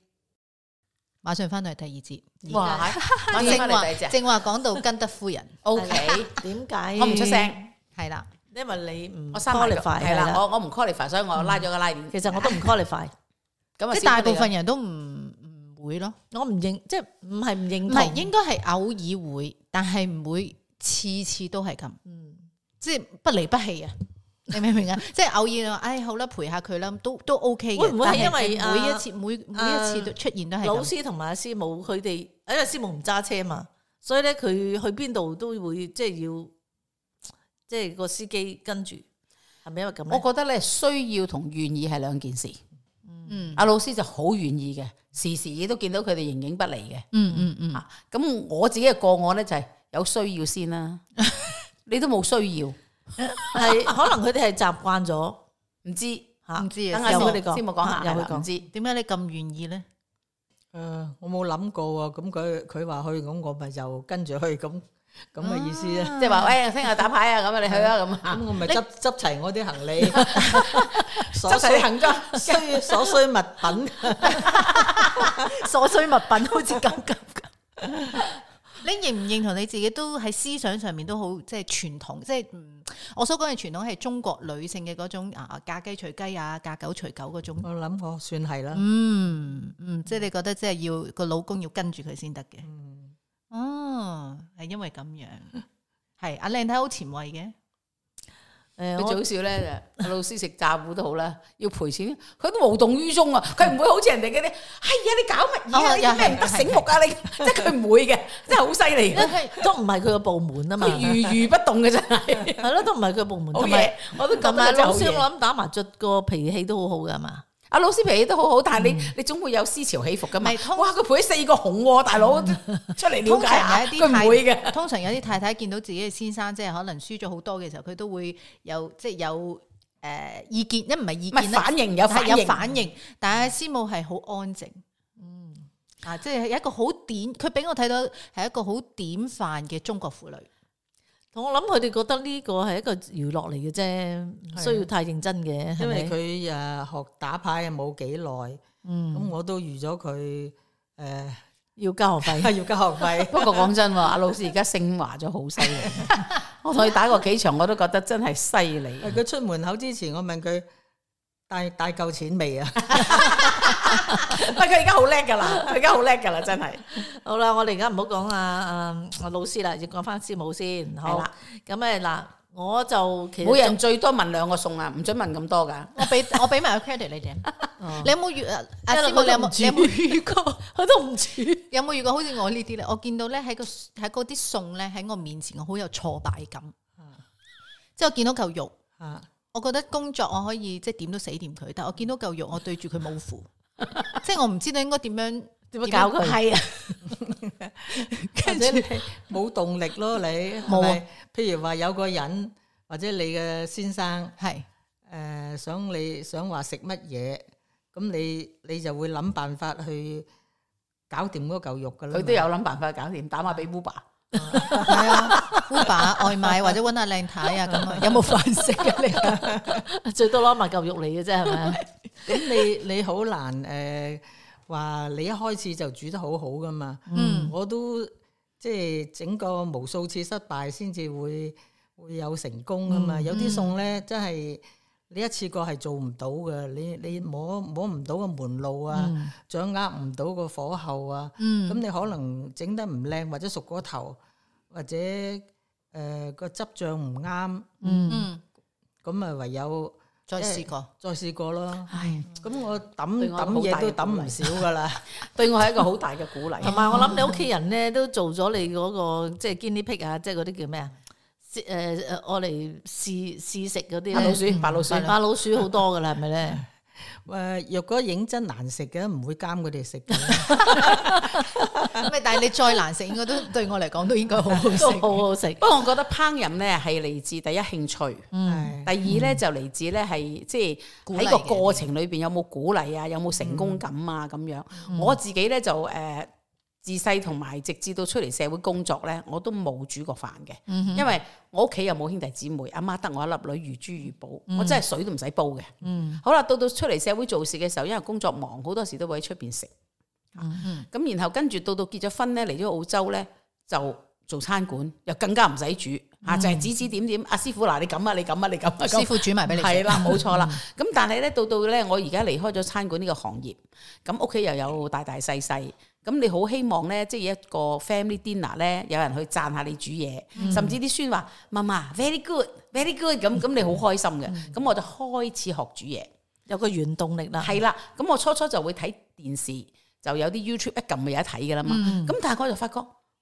馬上翻到去第二節。哇，正話正話講到根德夫人，OK，點解我唔出聲？係啦，因為你唔我 qualify 係啦，我我唔 qualify，所以我拉咗個拉鏈。其實我都唔 qualify，咁啊，即係大部分人都唔唔會咯。我唔認，即係唔係唔認同，唔係應該係偶爾會，但係唔會次次都係咁，嗯，即係不離不棄啊。你明唔明啊？即係 偶爾啊，哎，好啦，陪下佢啦，都都 OK 嘅。會唔會係因為每一次每、啊、每一次都出現都係、啊？老師同埋阿師母佢哋，因為師母唔揸車嘛，所以咧佢去邊度都會即係要，即係個司機跟住，係咪因為咁？我覺得咧需要同願意係兩件事。嗯，阿老師就好願意嘅，時時都見到佢哋形影不離嘅。嗯嗯嗯。咁、嗯、我自己嘅個案咧就係有需要先啦， 你都冇需要。係可能佢哋係習慣咗，唔知吓，唔知啊。等下先，我哋講先，冇講下。又佢講唔知，點解你咁願意咧？誒，我冇諗過啊。咁佢佢話去，咁我咪就跟住去。咁咁嘅意思咧，即係話喂，聽日打牌啊，咁啊，你去啊，咁啊，我咪執執齊我啲行李，執齊行裝，需所需物品，所需物品好似咁咁。你認唔認同你自己都喺思想上面都好，即係傳統，即係唔。我所講嘅傳統係中國女性嘅嗰種嫁雞隨雞啊，嫁雞隨雞啊，嫁狗隨狗嗰種，我諗我算係啦。嗯嗯，即係你覺得即係要個老公要跟住佢先得嘅？嗯，哦，係因為咁樣，係阿靚太好前衛嘅。佢我少好咧就老師食炸糊都好啦，要賠錢，佢都無動於衷啊！佢唔會好似人哋嗰啲，係、哎、啊，你搞乜嘢啊？你啲咩唔得醒目啊？你，即係佢唔會嘅，真係好犀利，都唔係佢個部門啊嘛，佢如如不動嘅啫，係咯， 都唔係佢個部門。同埋 好，我都咁啊。老師我諗打麻雀個脾氣都好好噶，係嘛？阿老師脾氣都好好，但係你、嗯、你總會有思潮起伏嘅嘛。通常哇！佢賠咗四個紅喎、啊，大佬、嗯、出嚟了解一下。佢唔會嘅。通常有啲太，太太見到自己嘅先生即係可能輸咗好多嘅時候，佢都會有即係、即係、有誒、呃、意見，一唔係意見，反應有反應，有反應。但係師母係好安靜。嗯，啊，即、即、係、係、有一個好典，佢俾我睇到係一個好典範嘅中國婦女。同我諗佢哋覺得呢個係一個娛樂嚟嘅啫，唔需要太認真嘅。的吧因為佢誒學打牌，又冇幾耐，咁、嗯、我都預咗佢誒要交學費，要交學費。 不過講真， 阿老師而家升華咗好犀利， 我同佢打過幾場，我都覺得真係犀利。佢 出門口之前，我問佢。帶帶夠錢未 啊？唔係，佢而家好叻噶啦，佢而家好叻噶啦，真係。好啦，我哋而家唔好講阿我老師啦，要講翻師母先。好啦，咁誒嗱，我就其實每人最多問兩個餸啊，唔准問咁多噶。我俾我俾埋個 credit 你哋。你有冇遇啊？阿師母，你有冇你有冇遇過？佢 都唔知！有冇遇過好似我呢啲咧？我見到咧喺個喺嗰啲餸咧喺我面前，我好有挫敗感。啊，即係我見到嚿肉啊。我覺得工作我可以即係點都死掂佢，但係我見到嚿肉，我對住佢冇符。 即係我唔知道應該點樣點樣教佢。係啊，跟住你冇動力咯，你係咪？譬 吧如話有個人或者你嘅先生係誒是、呃、想你想話食乜嘢，咁你你就會諗辦法去搞掂嗰嚿肉噶啦。佢都有諗辦法搞掂，打俾 Uber。係啊 Uber、啊、外賣或者搵阿靚太有有啊，咁啊， 有冇飯食啊？你最多攞埋嚿肉嚟嘅啫。係、呃、咪？咁你你好難誒，話你一開始就煮得好好噶嘛？嗯，我都即係、就是、整個無數次失敗，先至會會有成功噶嘛。有啲餸咧，真係。你一次過係做唔到嘅，你你摸摸唔到個門路啊，掌握唔到個火候啊，咁你可能整得唔靚或者熟過頭，或者誒個汁醬唔啱，咁啊唯有再試過，再試過咯。咁我抌抌嘢都抌唔少噶啦，對我係一個好大嘅鼓勵。同埋我諗你屋企人咧都做咗你嗰個即係 guinea pig 啊，即係嗰啲叫咩啊？即誒誒，我嚟試試食嗰啲老鼠、白老鼠、白老鼠好多噶啦，係咪咧？誒，若果認真難食嘅，唔會監佢哋食嘅。喂，但係你再難食，應該都對我嚟講都應該好好食，都好好食。不過我覺得烹飪咧係嚟自第一興趣，嗯，第二咧就嚟自咧係即係喺個過程裏邊有冇鼓勵啊，有冇成功感啊咁樣。我自己咧就誒。自細同埋直至到出嚟社會工作咧，我都冇煮過飯嘅，嗯、哼因為我屋企又冇兄弟姊妹，阿媽得我一粒女如珠如寶，嗯、我真係水都唔使煲嘅。嗯，好啦，到到出嚟社會做事嘅時候，因為工作忙，好多時都會喺出邊食。咁、嗯、哼然後跟住到到結咗婚咧，嚟咗澳洲咧，就做餐館又更加唔使煮啊，就係、嗯、指指點點阿、啊、師傅嗱，你咁啊，你咁啊，你咁、啊，師傅後煮埋俾你。係啦，冇錯啦。咁但係咧，到到咧，我而家離開咗餐館呢個行業，咁屋企又有大大細細。咁你好希望咧，即係一個 family dinner 咧，有人去讚下你煮嘢，嗯、甚至啲孫話：媽媽 very good，very good，咁咁你好開心嘅。咁、嗯、我就開始學煮嘢，有個原動力啦。係啦，咁我初初就會睇電視，就有啲 YouTube 一撳咪有一睇噶啦嘛。咁、嗯、但係我就發覺。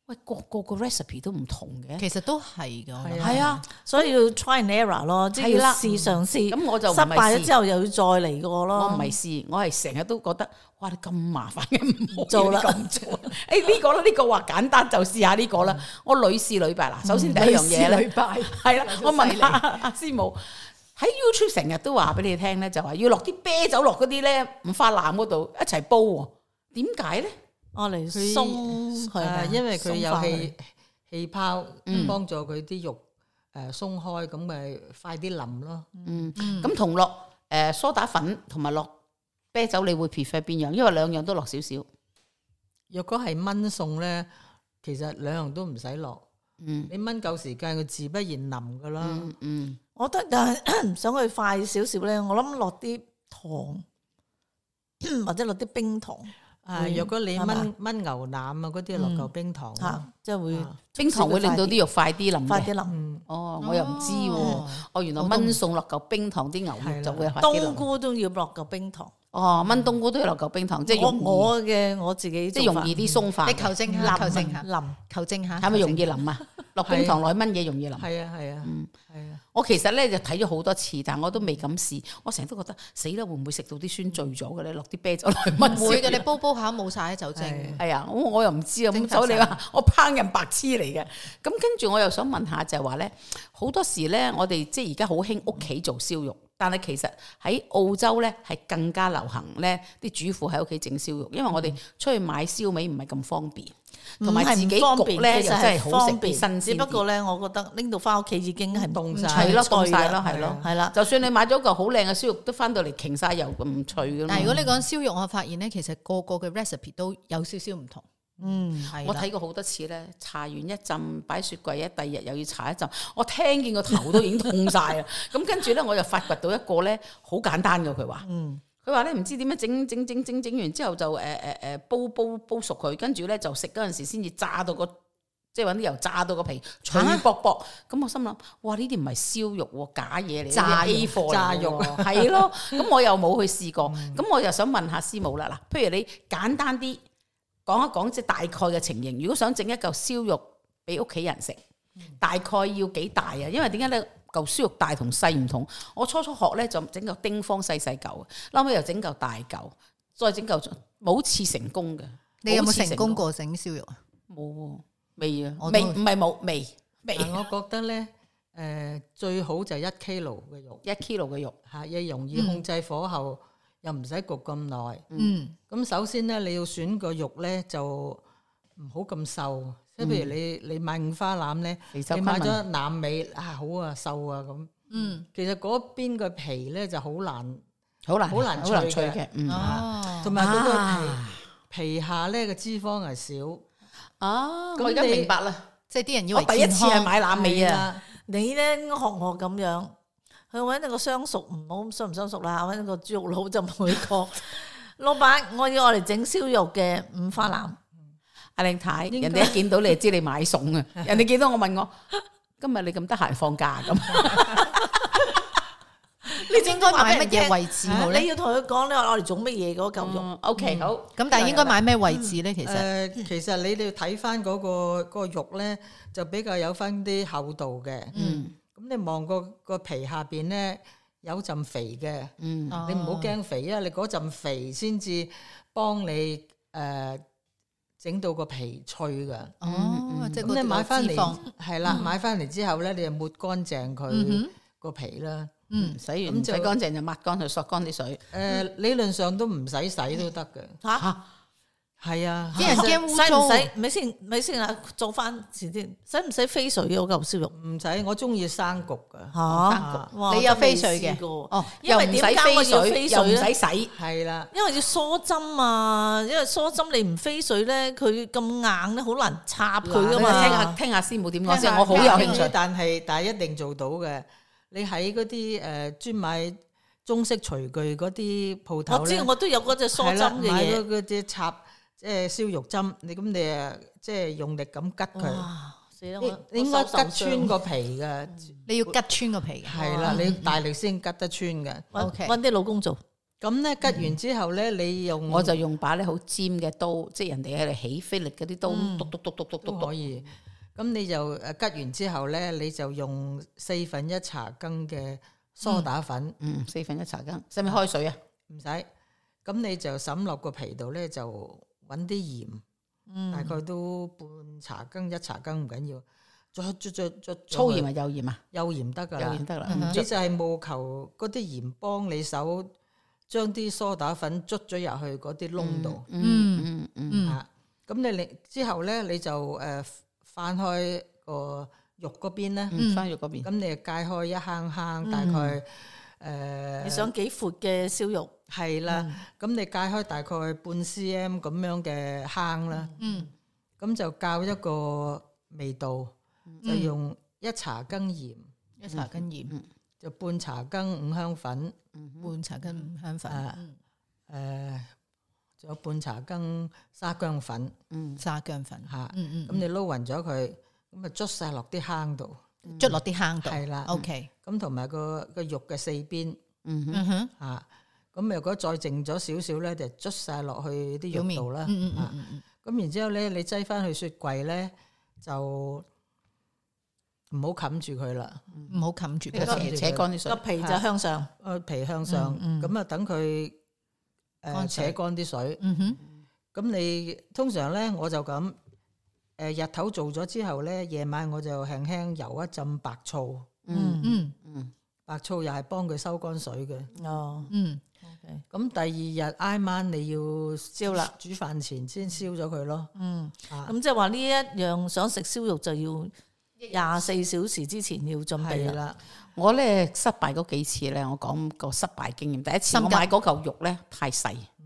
喂，個個個 recipe 都唔同嘅，其實都係㗎，係啊，所以要 try an error 咯，即係要試嘗試。咁我就失敗咗之後又要再嚟過囉，我唔係試，我係成日都覺得，哇！你咁麻煩嘅，唔做啦，唔做。誒呢個咧，呢個話簡單，就試下呢個啦。我屢試屢敗嗱，首先第一樣嘢咧，係啦，我問阿師母喺 YouTube 成日都話俾你聽咧，就話要落啲啤酒落嗰啲咧，唔發爛嗰度一齊煲喎，點解咧？我嚟鬆係啊，因為佢有氣氣回泡，幫、嗯、助佢啲肉誒鬆開，咁咪快啲淋咯。嗯，咁、嗯嗯、同落誒梳打粉同埋落啤酒，你會 prefer 邊樣？因為兩樣都落少少。若果係燜餸咧，其實兩樣都唔使落。嗯、你燜夠時間，佢自不然淋噶啦。嗯我點點，我覺得但係想去快少少咧，我諗落啲糖或者落啲冰糖。啊！若會果你炆吧炆牛腩啊，嗰啲落嚿冰糖，即係、嗯嗯、會冰糖會令到啲肉快啲淋，快啲淋。嗯、哦，我又唔知喎、啊，哦，哦，哦，原來炆餸落嚿冰糖，啲牛肉就會快啲淋。冬菇都要落嚿冰糖。哦，炆冬菇都要落嚿冰糖，即係用我嘅我自己，即係容易啲鬆化。你求證下，求證下，淋求證下，係咪容易淋啊？落冰糖落炆嘢容易淋。係啊係啊，嗯，係啊。我其實咧就睇咗好多次，但係我都未敢試。我成日都覺得死啦，會唔會食到啲酸醉咗嘅咧？落啲啤酒落去，唔會嘅。你煲煲下冇晒酒精。係啊，我又唔知啊。咁所以話我烹飪白痴嚟嘅。咁跟住我又想問下，就係話咧，好多時咧，我哋即係而家好興屋企做燒肉。但係其實喺澳洲咧，係更加流行咧，啲主婦喺屋企整燒肉，因為我哋出去買燒味唔係咁方便，同埋自己焗咧又真係好方便。甚至便不過咧，我覺得拎到翻屋企已經係凍晒唔脆咯，凍曬咯，係咯，係啦。了了就算你買咗嚿好靚嘅燒肉，都翻到嚟傾晒油，唔脆噶。脆，但係如果你講燒肉，我發現咧，其實個個嘅 recipe 都有少少唔同。嗯，係我睇過好多次咧，搽完一浸，擺雪櫃一，第二日又要搽一浸。我聽見個頭都已經痛晒啦，咁跟住咧，我又發掘到一個咧，好簡單㗎。佢話，佢話咧，唔知點樣整整整整整完之後就誒誒誒煲煲煲熟佢，跟住咧就食嗰陣時先至炸到個，即係搵啲油炸到個皮脆卜卜。咁我心諗，哇呢啲唔係燒肉喎，假嘢嚟炸 A 炸肉係咯。咁我又冇去試過，咁我又想問下師母啦，嗱，譬如你簡單啲。講一講，即係大概嘅情形。如果想整一嚿燒肉俾屋企人食，嗯、大概要幾大啊？因為點解咧？嚿燒肉大同細唔同。我初初學咧就整嚿丁方細細嚿，後尾又整嚿大嚿，再整嚿冇次成功嘅。功你有冇成功過整燒肉啊？冇，未啊？未唔係冇，未未。我覺得咧，誒、呃、最好就一 kilo 嘅肉，一 kilo 嘅肉吓，又、嗯、容易控制火候。嗯又唔使焗咁耐，咁首先咧，你要選個肉咧就唔好咁瘦，即係譬如你你買五花腩咧，你買咗腩尾啊好啊，瘦啊咁，嗯，其實嗰邊個皮咧就好難，好難好難好難脆嘅，嗯，同埋嗰個皮下咧個脂肪係少，哦，我而家明白啦，即係啲人以為第一次係買腩尾啊，你咧學我咁樣。佢搵一個相熟唔好相唔相熟啦，我一個豬肉佬就唔會講。老闆，我要我哋整燒肉嘅五花腩。阿靚太，人哋一見到你就知你買餸啊！人哋見到我問我，今日你咁得閒放假咁？你應該買乜嘢位置？你要同佢講咧，我哋做乜嘢嗰嚿肉？OK，好。咁但係應該買咩位置咧？其實其實你哋要睇翻嗰個個肉咧，就比較有翻啲厚度嘅。嗯。咁你望過個皮下邊咧，有陣肥嘅，你唔好驚肥啊！你嗰陣肥先至幫你誒整到個皮脆噶。哦，咁你，你，你,、呃、你買翻嚟係啦，嗯、買翻嚟之後咧，你就抹乾淨佢個皮啦。嗯，洗完洗乾淨就抹乾去索乾啲水。誒、嗯呃，理論上都唔使洗都得嘅。吓、啊？係啊，使唔使？咪先咪先啦，做翻前先。使唔使飛水嗰嚿燒肉？唔使，我中意生焗噶。生焗、啊，啊、你有飛水嘅？哦，因為點解要飛水咧？又唔使洗，係啦。因為要梳針啊，因為梳針你唔飛水咧，佢咁硬咧，好難插佢噶嘛。聽下聽下先，冇點講先。我好有興趣，但係但係一定做到嘅。你喺嗰啲誒專買中式廚具嗰啲鋪頭，我知道我都有嗰隻梳針嘅嘢，買咗嗰隻插。即係燒肉針，你咁你啊，即係用力咁吉佢，應應該吉穿個皮噶，你要吉穿個皮，係啦，你要大力先吉得穿噶。揾揾啲老公做，咁咧吉完之後咧，你用我就用把咧好尖嘅刀，即係人哋喺度起飛力嗰啲刀，篤篤篤篤篤篤可以。咁你就誒吉完之後咧，你就用四分一茶羹嘅梳打粉，嗯，四分一茶羹，使唔使開水啊？唔使，咁你就滲落個皮度咧就。揾啲鹽，大概都半茶羹一茶羹唔緊要，再再再再粗鹽啊幼鹽啊幼鹽得噶啦，你就係務求嗰啲鹽幫你手將啲梳打粉捽咗入去嗰啲窿度，嗯嗯嗯嚇，咁你嚟之後咧，你就誒翻開個肉嗰邊咧，翻肉嗰邊，咁你就解開一坑坑，大概誒，你想幾闊嘅燒肉？係啦，咁你解開大概半 cm 咁樣嘅坑啦，咁就較一個味道，就用一茶羹鹽，一茶羹鹽，就半茶羹五香粉，半茶羹五香粉，誒，仲有半茶羹沙薑粉，沙薑粉吓，咁你撈勻咗佢，咁啊捽晒落啲坑度，捽落啲坑度，係啦，OK，咁同埋個個肉嘅四邊，吓。咁如果再淨咗少少咧，就捽晒落去啲肉度啦。咁然之後咧，你擠翻去雪櫃咧，就唔好冚住佢啦，唔好冚住。你當扯乾啲水，個皮就向上。誒，皮向上。咁啊，等佢誒扯乾啲水。咁你通常咧，我就咁誒日頭做咗之後咧，夜晚我就輕輕油一浸白醋。嗯嗯嗯，白醋又係幫佢收乾水嘅。哦，嗯。咁第二日挨晚你要燒啦，煮飯前先燒咗佢咯。嗯，咁、嗯、即係話呢一樣想食燒肉就要廿四小時之前要準備啦的。我咧失敗嗰幾次咧，我講個失敗經驗。第一次我買嗰嚿肉咧太細，嗯、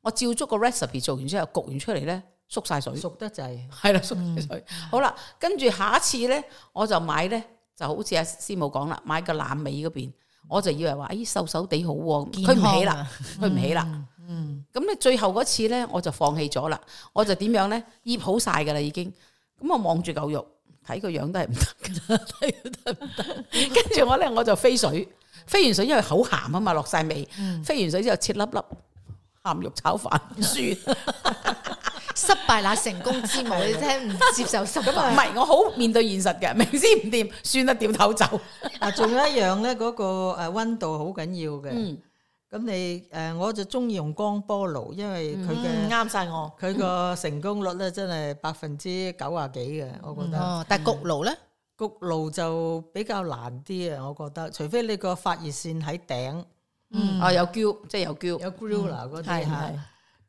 我照足個 recipe 做完之後焗完出嚟咧縮晒水，熟得滯，係啦縮晒水。嗯、好啦，跟住下一次咧，我就買咧就好似阿師母講啦，買個腩尾嗰邊。我就以為話，咦、哎，瘦瘦地好、啊，佢唔、啊、起啦，佢唔起啦。嗯，咁咧、嗯、最後嗰次咧，我就放棄咗啦。我就點樣咧，腌好晒噶啦，已經。咁我望住嚿肉，睇個樣都係唔得噶啦，睇得唔得。跟住 我咧，我就飛水，飛完水因為好鹹啊嘛，落晒味。嗯、飛完水之後切粒粒鹹肉炒飯，算。 失敗乃成功之母，你聽唔接受失敗？唔係，我好面對現實嘅，明知唔掂，算啦，掉頭走。啊，仲有一樣咧，嗰個誒温度好緊要嘅。嗯，咁你誒，我就中意用光波爐，因為佢嘅啱晒我，佢個成功率咧真係百分之九十幾嘅，我覺得。哦，但焗爐咧，焗爐就比較難啲啊，我覺得，除非你個發熱線喺頂，嗯，啊有焦，即係有焦，有 griller 嗰啲係。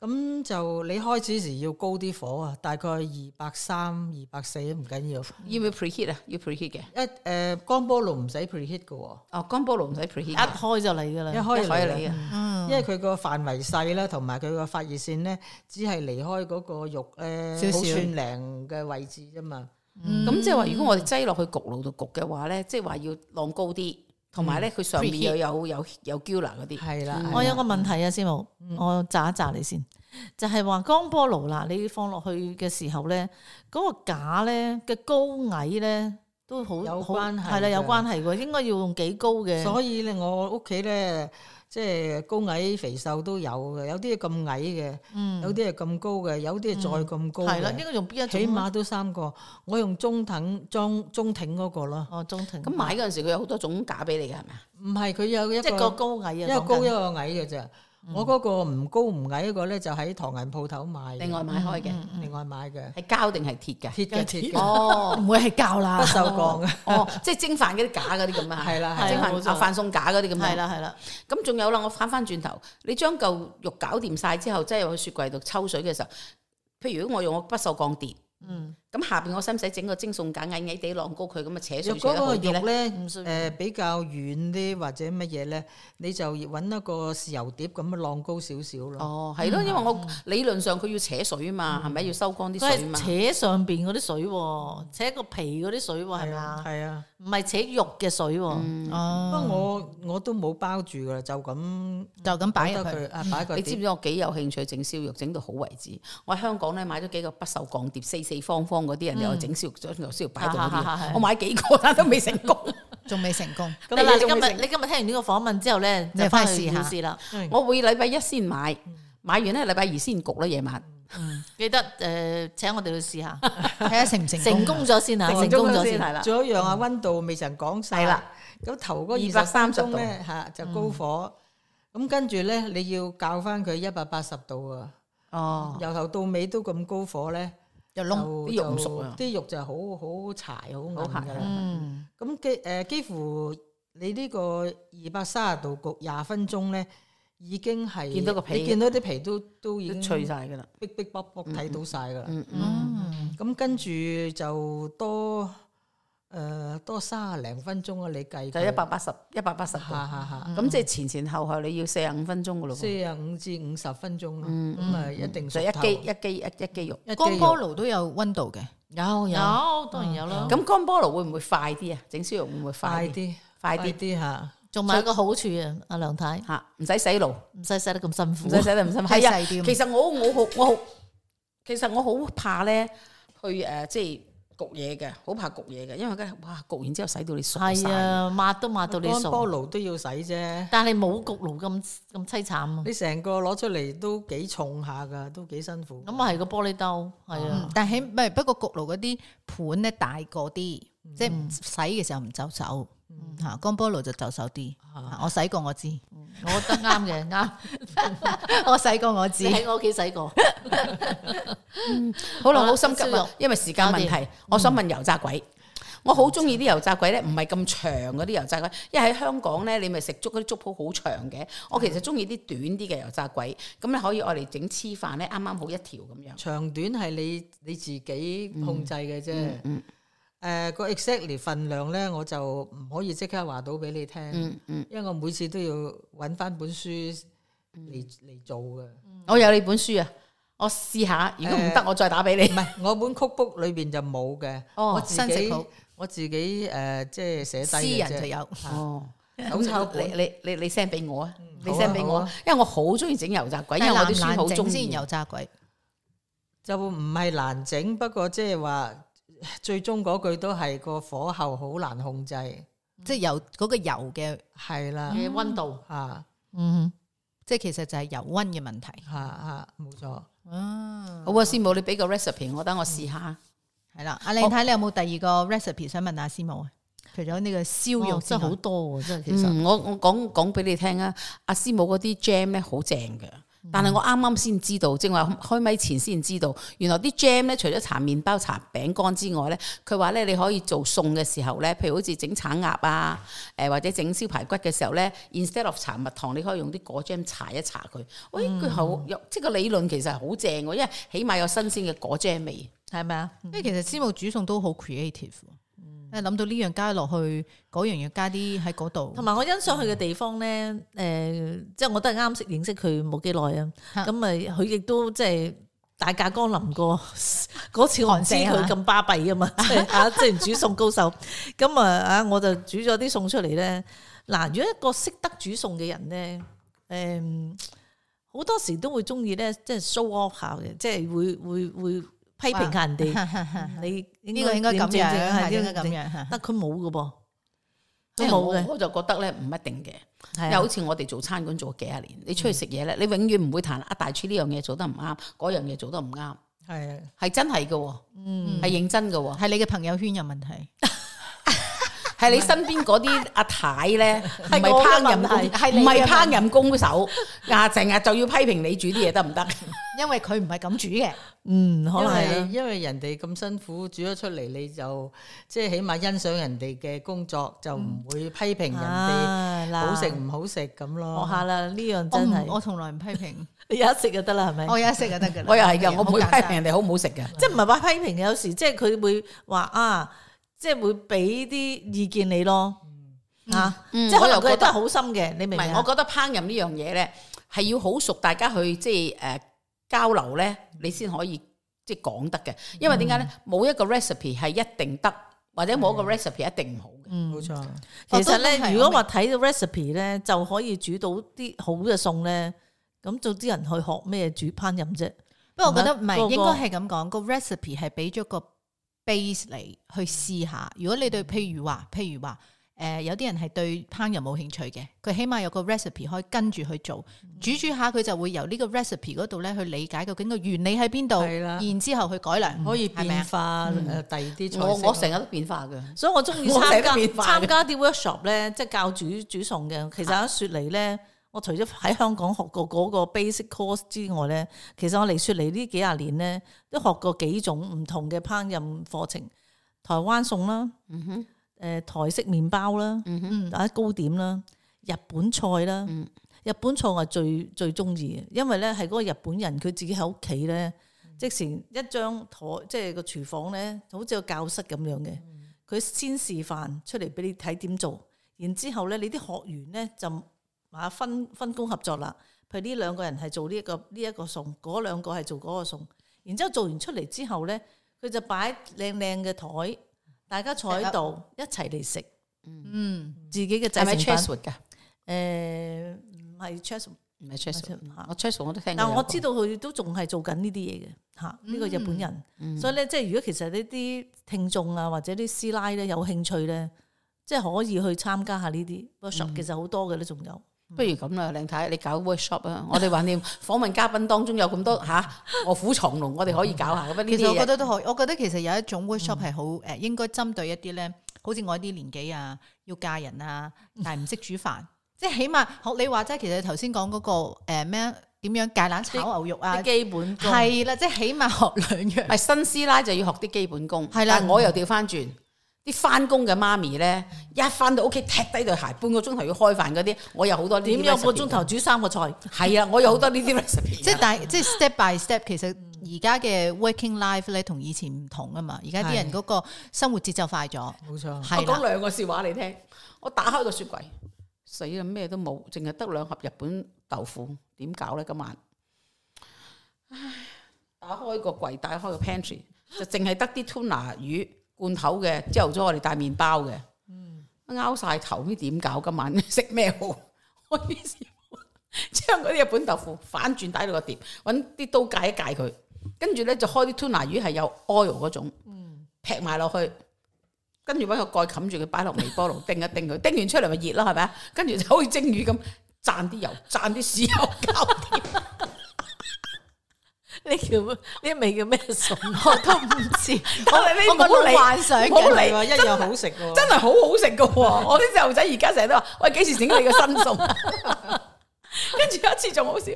咁、嗯、就你開始時要高啲火啊，大概二百三、二百四都唔緊要。要唔要 preheat 啊？要 preheat 嘅。一誒光波爐唔使 preheat 嘅喎。呃、光波哦，光波爐唔使 preheat。Pre 一開就嚟嘅啦。一開就可以嚟嘅。嗯、因為佢個範圍細啦，同埋佢個發熱線咧，只係離開嗰個肉誒好、呃、少寸零嘅位置啫嘛。咁、嗯嗯、即係話，如果我哋擠落去焗爐度焗嘅話咧，即係話要浪高啲。同埋咧，佢、嗯、上面又有、嗯、有有膠囊嗰啲。係啦，我有個問題啊，師母，嗯、我炸一炸你先，就係話光波爐啦，你放落去嘅時候咧，嗰、個架咧嘅高矮咧都好有關係，係啦有關係喎，應該要用幾高嘅。所以咧，我屋企咧。即係高矮肥瘦都有嘅，有啲係咁矮嘅，嗯，有啲係咁高嘅，有啲係再咁高。係啦，呢個用邊一種？起碼都三個，我用中等中中挺嗰個咯。哦，中挺嗰個。咁買嗰陣時佢有好多種架俾你嘅係咪啊？唔係，佢有一個即係一個高矮啊，一個高一個矮嘅咋。我嗰個唔高唔矮嗰個咧，就喺唐人鋪頭買，另外買開嘅，另外買嘅。係膠定係鐵嘅？鐵嘅鐵嘅。哦，唔會係膠啦，不銹鋼嘅。哦，即係蒸飯嗰啲假嗰啲咁啊，係啦。蒸飯、炒飯送假啲咁，係啦係啦。咁仲有啦，我翻翻轉頭，你將嚿肉搞掂晒之後，即係去雪櫃度抽水嘅時候，譬如如果我用不銹鋼碟，嗯。咁下邊我使唔使整個蒸餸架矮矮地晾高佢咁啊扯出？若嗰個肉咧，誒，比較軟啲或者乜嘢咧，你就搵一個豉油碟咁啊晾高少少咯。哦，係咯，因為我理論上佢要扯水啊嘛，係咪要收乾啲水嘛？扯上邊嗰啲水，扯個皮嗰啲水係咪啊？係啊，唔係扯肉嘅水。哦，不過我我都冇包住噶，就咁就咁擺入去。擺一個，你知唔知我幾有興趣整燒肉，整到好為止。我喺香港咧買咗幾個不鏽鋼碟，四四方方。.嗰啲人又整燒，整油燒擺喺度啲。我買幾個，但都未成功，仲未成功。咁你今日你今日聽完呢個訪問之後咧，就翻去試啦。我會禮拜一先買，買完咧禮拜二先焗啦。夜晚記得誒，請我哋去試下，睇下成唔成功。成功咗先啊！成功咗先係啦。仲有一樣啊，溫度未曾講晒。係啦，咁頭嗰二百三十度咧吓就高火，咁跟住咧你要較返佢一百八十度啊。哦，由頭到尾都咁高火咧。又燶啲就肉唔熟啊！啲肉就好好柴好硬噶啦。咁基誒，幾乎你呢個二百卅度焗廿分鐘咧，已經係見到個皮，你見到啲皮都都已經脆晒噶啦，逼逼卜卜睇到晒噶啦。嗯，咁跟住就多。誒，多卅零分鐘啊！你計計一百八十，一百八十下。吓吓，咁即係前前後後你要四十五分鐘噶咯。四十五至五十分鐘啊！咁啊，一定一肌一肌一一肌肉，乾波爐都有温度嘅。有有，當然有啦。咁乾波爐會唔會快啲啊？整燒肉會唔會快啲？快啲啲吓！仲有個好處啊，阿梁太吓，唔使洗爐，唔使洗得咁辛苦。唔使洗得咁辛苦，係啊。其實我我好我好，其實我好怕咧，去誒即係。焗嘢嘅，好怕焗嘢嘅，因為梗哇，焗完之後洗到你傻曬。係啊，抹都抹到你傻。安波爐都要洗啫。但係冇焗爐咁咁淒慘。嗯慘啊、你成個攞出嚟都幾重下噶，都幾辛苦。咁啊，係個玻璃兜，係啊，嗯、但係咪不過焗爐嗰啲盤咧大個啲，嗯、即係唔洗嘅時候唔走手。嗯吓，光波爐就就手啲，我洗過我知，我覺得啱嘅，啱，我洗過我知，喺我屋企洗過，好啦，好心急啊，因為時間問題，我想問油炸鬼，我好中意啲油炸鬼咧，唔係咁長嗰啲油炸鬼，因為喺香港咧，你咪食粥嗰啲粥鋪好長嘅，我其實中意啲短啲嘅油炸鬼，咁你可以愛嚟整黐飯咧，啱啱好一條咁樣，長短係你你自己控制嘅啫。誒，個 exactly 份量咧，我就唔可以即刻話到俾你聽，因為我每次都要揾翻本書嚟嚟做嘅。我有你本書啊，我試下，如果唔得我再打俾你。唔係，我本曲譜裏邊就冇嘅。哦，我自己，我自己誒，即係寫低嘅啫。私人就有。哦，手抄。你你你 send 俾我啊！你 send 俾我，因為我好中意整油炸鬼，因為我都好中意油炸鬼，就唔係難整，不過即係話。最終嗰句都係個火候好難控制，嗯、即係油嗰、嗰個油嘅係啦嘅溫度啊，嗯，是嗯即係其實就係油溫嘅問題，吓吓，冇錯，嗯，啊好啊，師母，你俾個 recipe，我等我試下，係啦、嗯，阿玲，睇、啊、你有冇第二個 recipe 想問下師母啊？除咗呢個燒肉、哦，真係好多，真係，其實、嗯、我我講講俾你聽啊，阿師母嗰啲 jam 咧好正㗎。但係我啱啱先知道，正話開咪前先知道，原來啲 jam 咧，除咗搽麵包、搽餅乾之外咧，佢話咧你可以做餸嘅時候咧，譬如好似整橙鴨啊，誒或者整燒排骨嘅時候咧、嗯、，instead of 搽蜜糖，你可以用啲果 jam 搽一搽佢。喂、哎，佢好即係個理論其實係好正，因為起碼有新鮮嘅果 jam 味，係咪啊？即、嗯、係其實師母煮餸都好 creative。諗到呢樣加落去，嗰樣要加啲喺嗰度。同埋我欣賞佢嘅地方咧，誒、嗯，即係、呃就是、我都係啱啱識認識佢冇幾耐啊。咁啊，佢亦都即係大駕光臨過嗰次，我唔知佢咁巴閉啊嘛。啊，即係煮餸高手。咁啊，啊，我就煮咗啲餸出嚟咧。嗱、呃，如果一個識得煮餸嘅人咧，誒、呃，好多時都會中意咧，即係 show off 下嘅，即係會會會。 批評下人哋，你呢個應該咁樣，係應該咁樣。但佢冇嘅噃，都冇嘅。我就覺得咧，唔一定嘅。又好似我哋做餐館做幾廿年，你出去食嘢咧，你永遠唔會彈啊大廚呢樣嘢做得唔啱，嗰樣嘢做得唔啱。係啊，係真係嘅，嗯，係認真嘅，係你嘅朋友圈有問題。係你身邊嗰啲阿太咧，唔係烹飪，唔係烹飪高手，啊，成日就要批評你煮啲嘢得唔得？因為佢唔係咁煮嘅，嗯，可能因為因為人哋咁辛苦煮咗出嚟，你就即係起碼欣賞人哋嘅工作，就唔會批評人哋好食唔好食咁咯。我下啦，呢樣真係我從來唔批評，你有得食就得啦，係咪？我有得食就得嘅，我又係嘅，我唔會批評人哋好唔好食嘅，即係唔係話批評？有時即係佢會話啊。即係會俾啲意見你咯，啊，即係可能覺得好深嘅，你明唔明？我覺得烹飪呢樣嘢咧，係要好熟，大家去即係誒交流咧，你先可以即係講得嘅。因為點解咧？冇一個 recipe 係一定得，或者冇一個 recipe 一定唔好嘅。冇錯。其實咧，如果話睇到 recipe 咧，就可以煮到啲好嘅餸咧，咁做啲人去學咩煮烹飪啫？不過我覺得唔係，應該係咁講，個 recipe 係俾咗個。base 嚟去試下，如果你對譬如話譬如話，誒、呃、有啲人係對烹飪冇興趣嘅，佢起碼有個 recipe 可以跟住去做，嗯、煮一煮一下佢就會由呢個 recipe 嗰度咧去理解究竟個原理喺邊度，嗯、然之後去改良，可以變化第二啲。我我成日都變化嘅，所以我中意參加參加啲 workshop 咧，即係教煮煮餸嘅。其實講說嚟咧。啊我除咗喺香港學過嗰個 basic course 之外咧，其實我嚟説嚟呢幾廿年咧，都學過幾種唔同嘅烹飪課程，台灣餸啦，嗯哼、呃、台式麵包啦，嗯哼打糕點啦，日本菜啦，嗯、日本菜我係最最中意嘅，因為咧係嗰個日本人佢自己喺屋企咧，即時一張台，即係個廚房咧，好似個教室咁樣嘅，佢、嗯、先示範出嚟俾你睇點做，然之後咧你啲學員咧就。啊，分分工合作啦。譬如呢兩個人係做呢、這、一個呢一、這個餸，嗰兩個係做嗰個餸。然之後做完出嚟之後咧，佢就擺靚靚嘅台，大家坐喺度一齊嚟食。嗯，嗯自己嘅製成品。咪 chessual 是是 s 唔係 chessual 唔係 chessual、啊、s 我 chessual 我都聽。但我知道佢都仲係做緊呢啲嘢嘅。嚇、啊，呢、這個日本人，嗯、所以咧，即、嗯、係、嗯、如果其實呢啲聽眾啊，或者啲師奶咧有興趣咧，即、就、係、是、可以去參加下呢啲。不過 shop 其實好多嘅咧，仲有。不如咁啦，靚太，太，你搞 workshop 啊！我哋話你訪問嘉賓當中有咁多吓，臥虎藏龍，我哋可以搞下。 其實我覺得都好，我覺得其實有一種 workshop 係好誒，嗯、應該針對一啲咧，好似我啲年紀啊，要嫁人啊，但係唔識煮飯，嗯、即係起碼學你話齋，其實頭先講嗰個誒咩啊，點樣芥蘭炒牛肉啊，基本功，係啦，即係起碼學兩樣。咪新師奶就要學啲基本功，係啦，就是、 我又調翻轉。啲翻工嘅媽咪咧，一翻到屋企踢低對鞋，半個鐘頭要開飯嗰啲，我有好多呢啲。點樣一個鐘頭煮三個菜？係啊， 我有好多呢啲 recipe。即係但係即係 step by step，其實而家嘅 working life 咧同以前唔同啊嘛。而家啲人嗰個生活節奏快咗。冇錯，我講兩個笑話你聽。我打開個雪櫃，死啊，咩都冇，淨係得兩盒日本豆腐。點搞咧？今晚，唉，打開個櫃，打開個 pantry， 就淨係得啲 tuna 魚。罐頭嘅，朝、嗯、頭早我哋帶麵包嘅，拗晒頭呢，唔知點搞，今晚食咩好？我於是將嗰啲日本豆腐反轉底到個碟，揾啲刀戒一戒佢，跟住咧就開啲 tuna 魚係有 oil 嗰種，劈埋落去，跟住搵個蓋冚住佢，擺落微波爐叮一叮佢，叮完出嚟咪熱咯，係咪啊？跟住就好似蒸魚咁，蘸啲油，蘸啲豉油，搞掂。 呢條呢味叫咩餸我都唔知，我冇幻想嘅，一樣好食喎，真係好好食嘅。我啲細路仔而家成日都話：喂，幾時整你嘅新餸？跟住有一次仲好笑，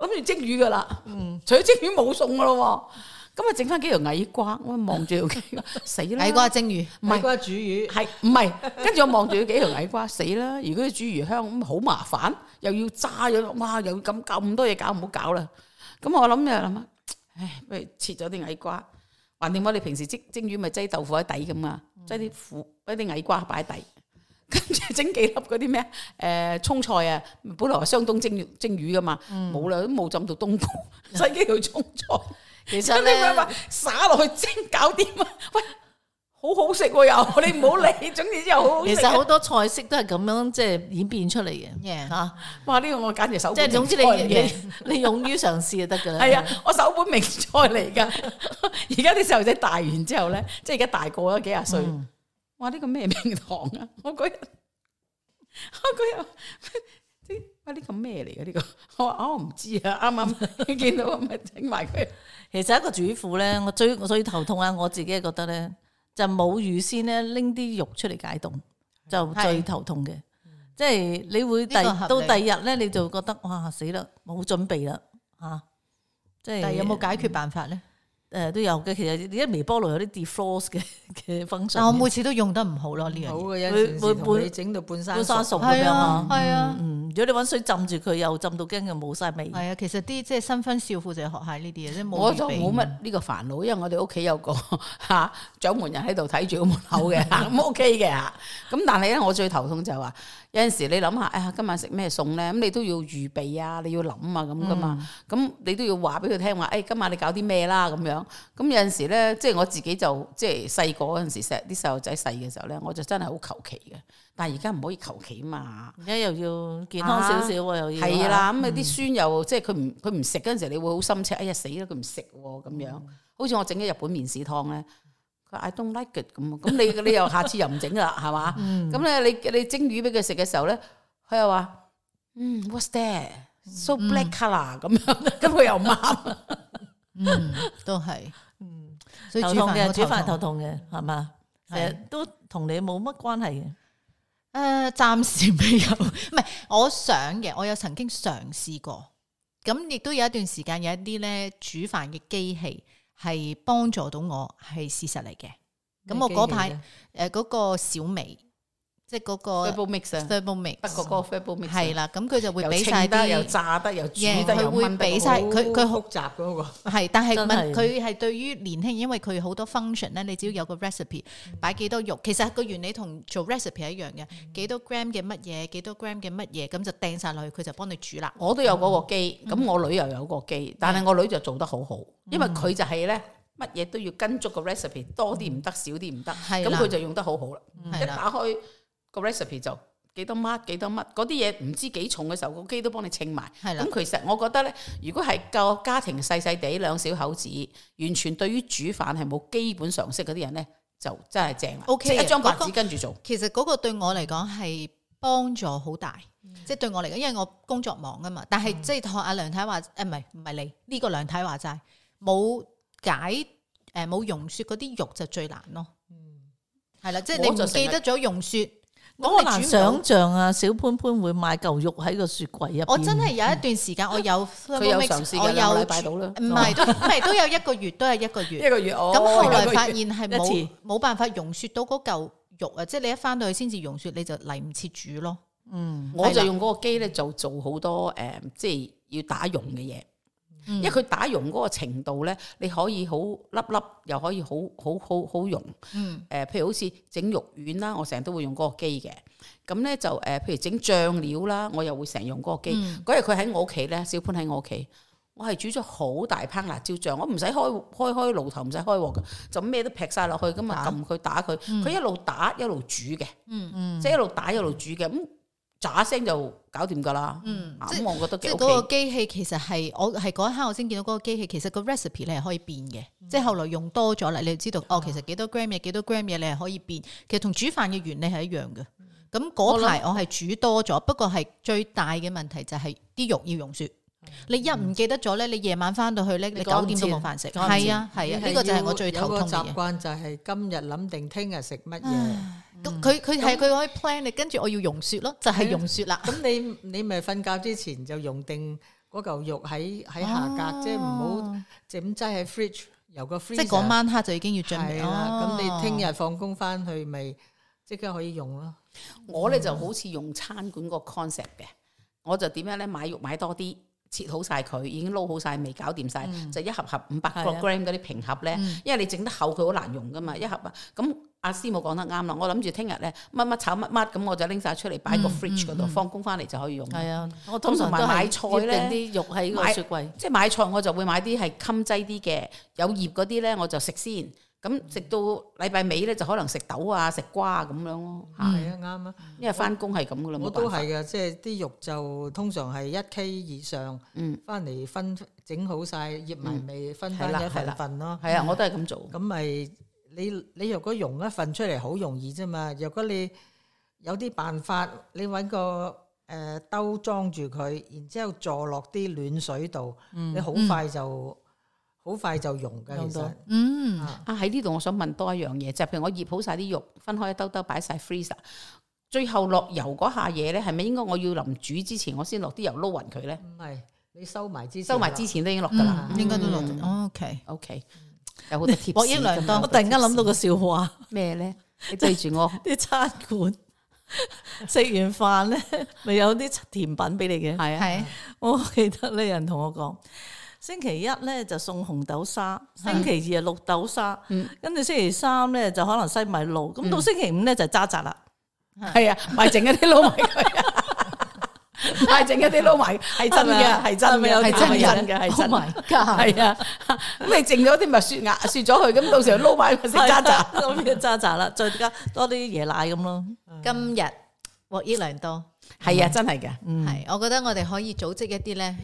諗住蒸魚嘅啦，嗯，除咗蒸魚冇餸嘅咯，咁啊整翻幾條矮瓜，我望住條，死啦！矮瓜蒸魚，唔係，矮瓜煮魚，係唔係？跟住我望住佢幾條矮瓜，死啦！如果煮魚香咁好麻煩，又要炸咗，哇！又咁咁多嘢搞，唔好搞啦。咁我諗就諗啊，唉，不如切咗啲矮瓜，橫掂我哋平時蒸蒸魚咪擠豆腐喺底咁啊，擠啲腐，啲矮瓜擺底，跟住整幾粒嗰啲咩？誒、呃，蔥菜啊，本來話相當蒸，蒸魚蒸魚噶嘛，冇啦、嗯，都冇浸到冬菇，洗幾條蔥菜，跟住唔係唔係，灑落去蒸，搞掂啊，喂！好好食喎又，你唔好理，總之又好好食、啊。其實好多菜式都係咁樣即係演變出嚟嘅。吓，Yeah. 哇！呢、這個我簡直首即係總之你你 你勇於嘗試就得噶啦。係、嗯、啊，我首本名菜嚟噶。而家啲細路仔大完之後咧，即係而家大過咗幾十歲，嗯、哇！呢、這個咩名堂啊？我嗰日我嗰日整呢個咩嚟噶？呢個我我唔知啊，啱啱見到我咪整埋佢。 其實一個主婦咧，我最所以頭痛啊，我自己覺得咧。就冇預先咧，拎啲肉出嚟解凍，就最頭痛嘅。的即係你會第到第二日咧，你就覺得哇死啦，冇準備啦嚇！啊、即係是但有冇解決辦法咧？誒都有嘅，其實你啲微波爐有啲 defrost 嘅嘅風水，但我每次都用得唔好咯呢樣嘢，會會整到半生半生熟咁樣啊，啊嗯嗯。嗯，如果你揾水浸住佢，又浸到驚又冇晒味。係啊，其實啲即係新婚少婦就學下呢啲嘢，即冇。我就冇乜呢個煩惱，因為我哋屋企有個嚇掌、啊、門人喺度睇住個門口嘅，咁 OK 嘅嚇。咁但係咧，我最頭痛就話、係。有陣時你諗下，哎呀，今晚食咩餸咧？咁你都要預備啊，你要諗啊，咁噶嘛？咁你都要話俾佢聽話，誒、哎，今晚你搞啲咩啦？咁樣，咁有陣時咧，即係我自己就即係細個嗰陣時，錫啲細路仔細嘅時候咧，我就真係好求其嘅。但係而家唔可以求其啊嘛，而家又要健康少少、啊、又要係、啊、啦。咁啊啲孫又即係佢唔佢唔食嗰陣時，你會好心切，哎呀死啦，佢唔食喎咁樣。嗯、好似我整嘅日本麵豉湯咧。I don't like it 咁，咁你你又下次又唔整啦，係嘛？咁咧，你你蒸魚俾佢食嘅時候咧，佢 又話，嗯，what's that？So black colour 咁，咁佢又 mad。嗯，都係，嗯，頭痛嘅，煮飯頭痛嘅，係嘛？係啊的，都同你冇乜關係嘅。誒、呃，暫時未有，唔 係，我想嘅，我有曾經嘗試過，咁亦都有一段時間有一啲咧煮飯嘅機器。係幫助到我係事實嚟嘅，咁我嗰排誒、嗰個小美。即係嗰個 stir bowl mixer，不過 coffee bowl mixer 係啦，咁佢就會俾曬啲又炸得又煮得又炆得，佢會俾曬佢佢複雜嗰個係，但係問佢係對於年輕，因為佢好多 function 咧，你只要有個 recipe 擺幾多肉，其實個原理同做 recipe 一樣嘅，幾多 gram 嘅乜嘢，幾多 gram 嘅乜嘢，咁就掟曬落去，佢就幫你煮啦。我都有嗰個機，咁我女又有個機，但係我女就做得好好，因為佢就係咧，乜嘢都要跟足個 recipe，多啲唔得，少啲唔得，咁佢就用得好好啦。一打開。個 recipe 就幾多乜幾多乜嗰啲嘢唔知幾重嘅時候，個機都幫你稱埋。咁是的 其實我覺得咧，如果係教家庭細細哋兩小口子，完全對於煮飯係冇基本常識嗰啲人咧，就真係正。O Okay , K，一張白紙跟住做、嗰個。其實嗰個對我嚟講係幫助好大，即係、嗯、對我嚟講，因為我工作忙啊嘛。但係即係學阿梁太話，誒唔係唔係你呢、呢個梁太話就係冇解誒冇、呃、溶雪嗰啲肉就最難咯。嗯，係啦，即、就、係、是、你唔記得咗溶雪。我難想象啊，小潘潘會買嚿肉喺個雪櫃入。我真係有一段時間我有，佢有嘗試嘅，我有唔係都唔係都有一個月，都係一個月。一個月咁後來發現係冇冇辦法溶雪到嗰嚿肉啊！即係你一翻到去先至溶雪，你就嚟唔切煮咯。嗯，我就用嗰個機咧就做好多誒，即係要打溶嘅嘢。因為佢打溶嗰個程度咧，你可以好粒粒，又可以好好好好溶。嗯、呃。譬如好似整肉丸啦，我成日都會用嗰個機嘅。咁咧就誒、呃，譬如整醬料啦，我又會成日用嗰個機。嗰日佢喺我屋企咧，小潘喺我屋企，我係煮咗好大烹辣椒醬，我唔使開開開爐頭，唔使開鑊㗎，就咩都劈晒落去，咁啊撳佢打佢，佢一路打一路煮嘅。嗯嗯，即係一路打一路煮嘅。嗯。咋聲就搞掂噶啦，咁、嗯、我覺得幾 OK，即係嗰個機器其實係我係嗰一刻我先見到嗰個機器。其實個 recipe 你係可以變嘅。嗯、即係後來用多咗啦，你知道哦，其實幾多 gram 嘢幾多 gram 嘢你係可以變。其實同煮飯嘅原理係一樣嘅。咁、那、嗰、個、排我係煮多咗，嗯、不過係最大嘅問題就係啲肉要溶雪。你一唔記得咗咧，你夜晚翻到去咧，你九點都冇飯食。係啊，係啊，呢個就係我最頭痛嘅。有個習慣就係今日諗定聽日食乜嘢。咁佢佢係佢可以 plan 你，跟住我要融雪咯，就係融雪啦。咁你你咪瞓覺之前就融定嗰嚿肉喺喺下格，即係唔好就咁擠喺 fridge，由個 fridge 即係嗰晚黑就已經要準備啦。咁你聽日放工翻去咪即刻可以用咯。我咧就好似用餐館個 concept 嘅，我就點樣咧買肉買多啲。切好晒佢，已經撈好晒，未搞掂晒，嗯、就一盒盒五百 gram 嗰啲平盒咧。嗯、因為你整得厚，佢好難用噶嘛，一盒啊。咁阿、嗯、師母講得啱啦，我諗住聽日咧乜乜炒乜乜，咁我就拎晒出嚟擺個 fridge 嗰度，放，嗯嗯嗯、放工翻嚟就可以用。係啊、嗯，我通常買菜咧，啲肉喺個雪櫃。即、就、係、是、買菜，我就會買啲係冚劑啲嘅，有葉嗰啲咧，我就食先。咁食到禮拜尾咧，就可能食豆啊、食瓜啊咁樣咯。係啊，啱啊，因為翻工係咁噶啦，冇辦法。我都係嘅，即係啲肉就通常係一 K 以上，翻嚟分整好晒，醃埋味，分翻一份份咯。係啊，我都係咁做。咁咪你你若果溶一份出嚟，好容易啫嘛。若果你有啲辦法，你揾個誒兜裝住佢，然之後坐落啲暖水度，你好快就。好快就溶噶，其實嗯啊喺呢度我想問多一樣嘢，就譬如我醃好晒啲肉，分開一兜兜擺晒 freezer，最後落油嗰下嘢咧，係咪應該我要臨煮之前，我先落啲油撈匀佢咧？唔係，你收埋之收埋之前都已經落噶啦，應該都落。O K O K，有好多貼士咁。我突然間諗到個笑話，咩咧？你對住我啲餐館食完飯咧，咪有啲甜品俾你嘅？係啊，我記得呢人同我講。星期一咧就送紅豆沙，星期二啊綠豆沙，跟住星期三咧就可能西米露，咁到星期五咧就渣渣啦，係啊，賣剩一啲撈埋，佢啊，賣剩一啲撈埋，係真嘅，係真嘅，係真嘅，係真嘅，係啊，咁你剩咗啲咪雪牙雪咗佢，咁到時撈埋咪先渣渣，咁就渣渣啦，再加多啲椰奶咁咯。今日獲益良多，係啊，真係嘅，係，我覺得我哋可以組織一啲咧，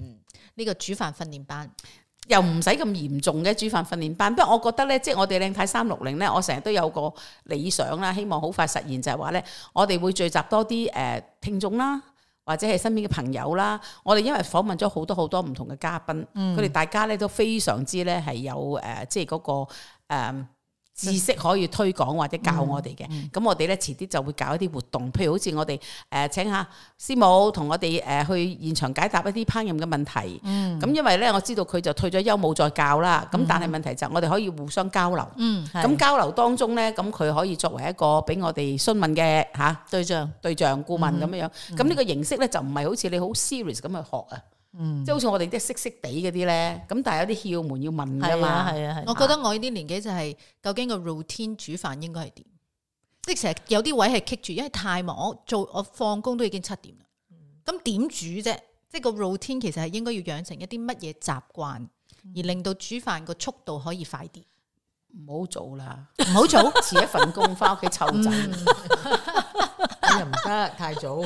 誒。呢個煮飯訓練班、嗯、又唔使咁嚴重嘅煮飯訓練班，不過、嗯、我覺得呢，即、就、係、是、我哋靚太三六零呢，我成日都有個理想啦，希望好快實現就係、是、話呢，我哋會聚集多啲誒、呃、聽眾啦，或者係身邊嘅朋友啦，我哋因為訪問咗好多好多唔同嘅嘉賓，佢哋、嗯、大家呢都非常之呢係有誒、呃，即係嗰、那個、呃知識可以推廣或者教我哋嘅，咁、嗯嗯、我哋呢，遲啲就會搞一啲活動，譬如好似我哋誒、呃、請下師母同我哋誒、呃、去現場解答一啲烹飪嘅問題。咁、嗯、因為呢，我知道佢就退咗休冇再教啦，咁、嗯、但係問題就我哋可以互相交流。咁、嗯、交流當中呢，咁佢可以作為一個俾我哋詢問嘅嚇、啊、對象對象，對象顧問咁樣、嗯、樣。咁、嗯、呢、嗯、個形式呢，就唔係好似你好 serious 咁去學啊。嗯，即係好似我哋啲識識地嗰啲咧，咁、嗯、但係有啲竅門要問噶嘛、啊？係啊係、啊、我覺得我呢啲年紀就係、是、究竟個 routine 煮飯應該係點？即係成日有啲位係棘住，因為太忙，我做我放工都已經七點啦。咁、嗯、點、嗯、煮啫？即係個 routine 其實係應該要養成一啲乜嘢習慣，而令到煮飯個速度可以快啲。唔好、嗯、做啦，唔好做，辭 一份工翻屋企湊仔。咁 又唔得太早，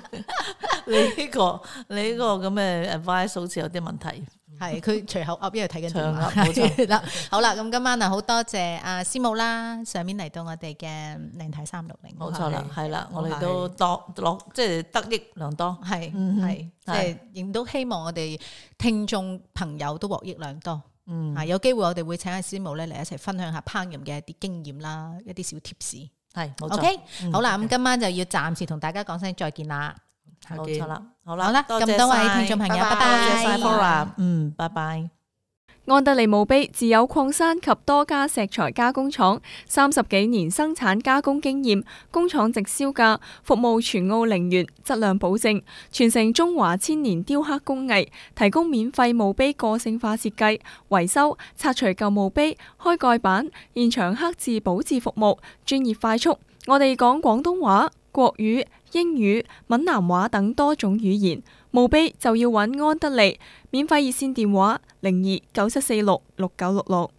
你呢、這個你呢個咁嘅 advice 好似有啲問題，係佢隨口噏，一路睇緊電話，冇 錯 好啦，咁今晚啊，好多謝阿師母啦，上面嚟到我哋嘅靚太三六零，冇錯 啦，係啦，我哋都多攞，即係、就是、得益良多，係係、嗯，即係亦都希望我哋聽眾朋友都獲益良多。嗯，係、啊、有機會我哋會請阿師母咧嚟一齊分享下烹飪嘅一啲經驗啦，一啲小貼士。係，冇錯。好啦，咁今晚就要暫時同大家講聲再見啦。冇錯啦，好啦，咁多位聽眾朋友，拜拜。拜拜。多謝晒，Flora。嗯，拜拜。安德利墓碑自有礦山及多家石材加工廠，三十幾年生產加工經驗，工廠直銷價，服務全澳陵園，質量保證，傳承中華千年雕刻工藝，提供免費墓碑個性化設計、維修、拆除舊墓碑、開蓋板、現場刻字、保質服務，專業快速。我哋講廣東話、國語、英語、閩南話等多種語言。墓碑就要揾安德利免費熱線電話：零二九七四六六九六六。6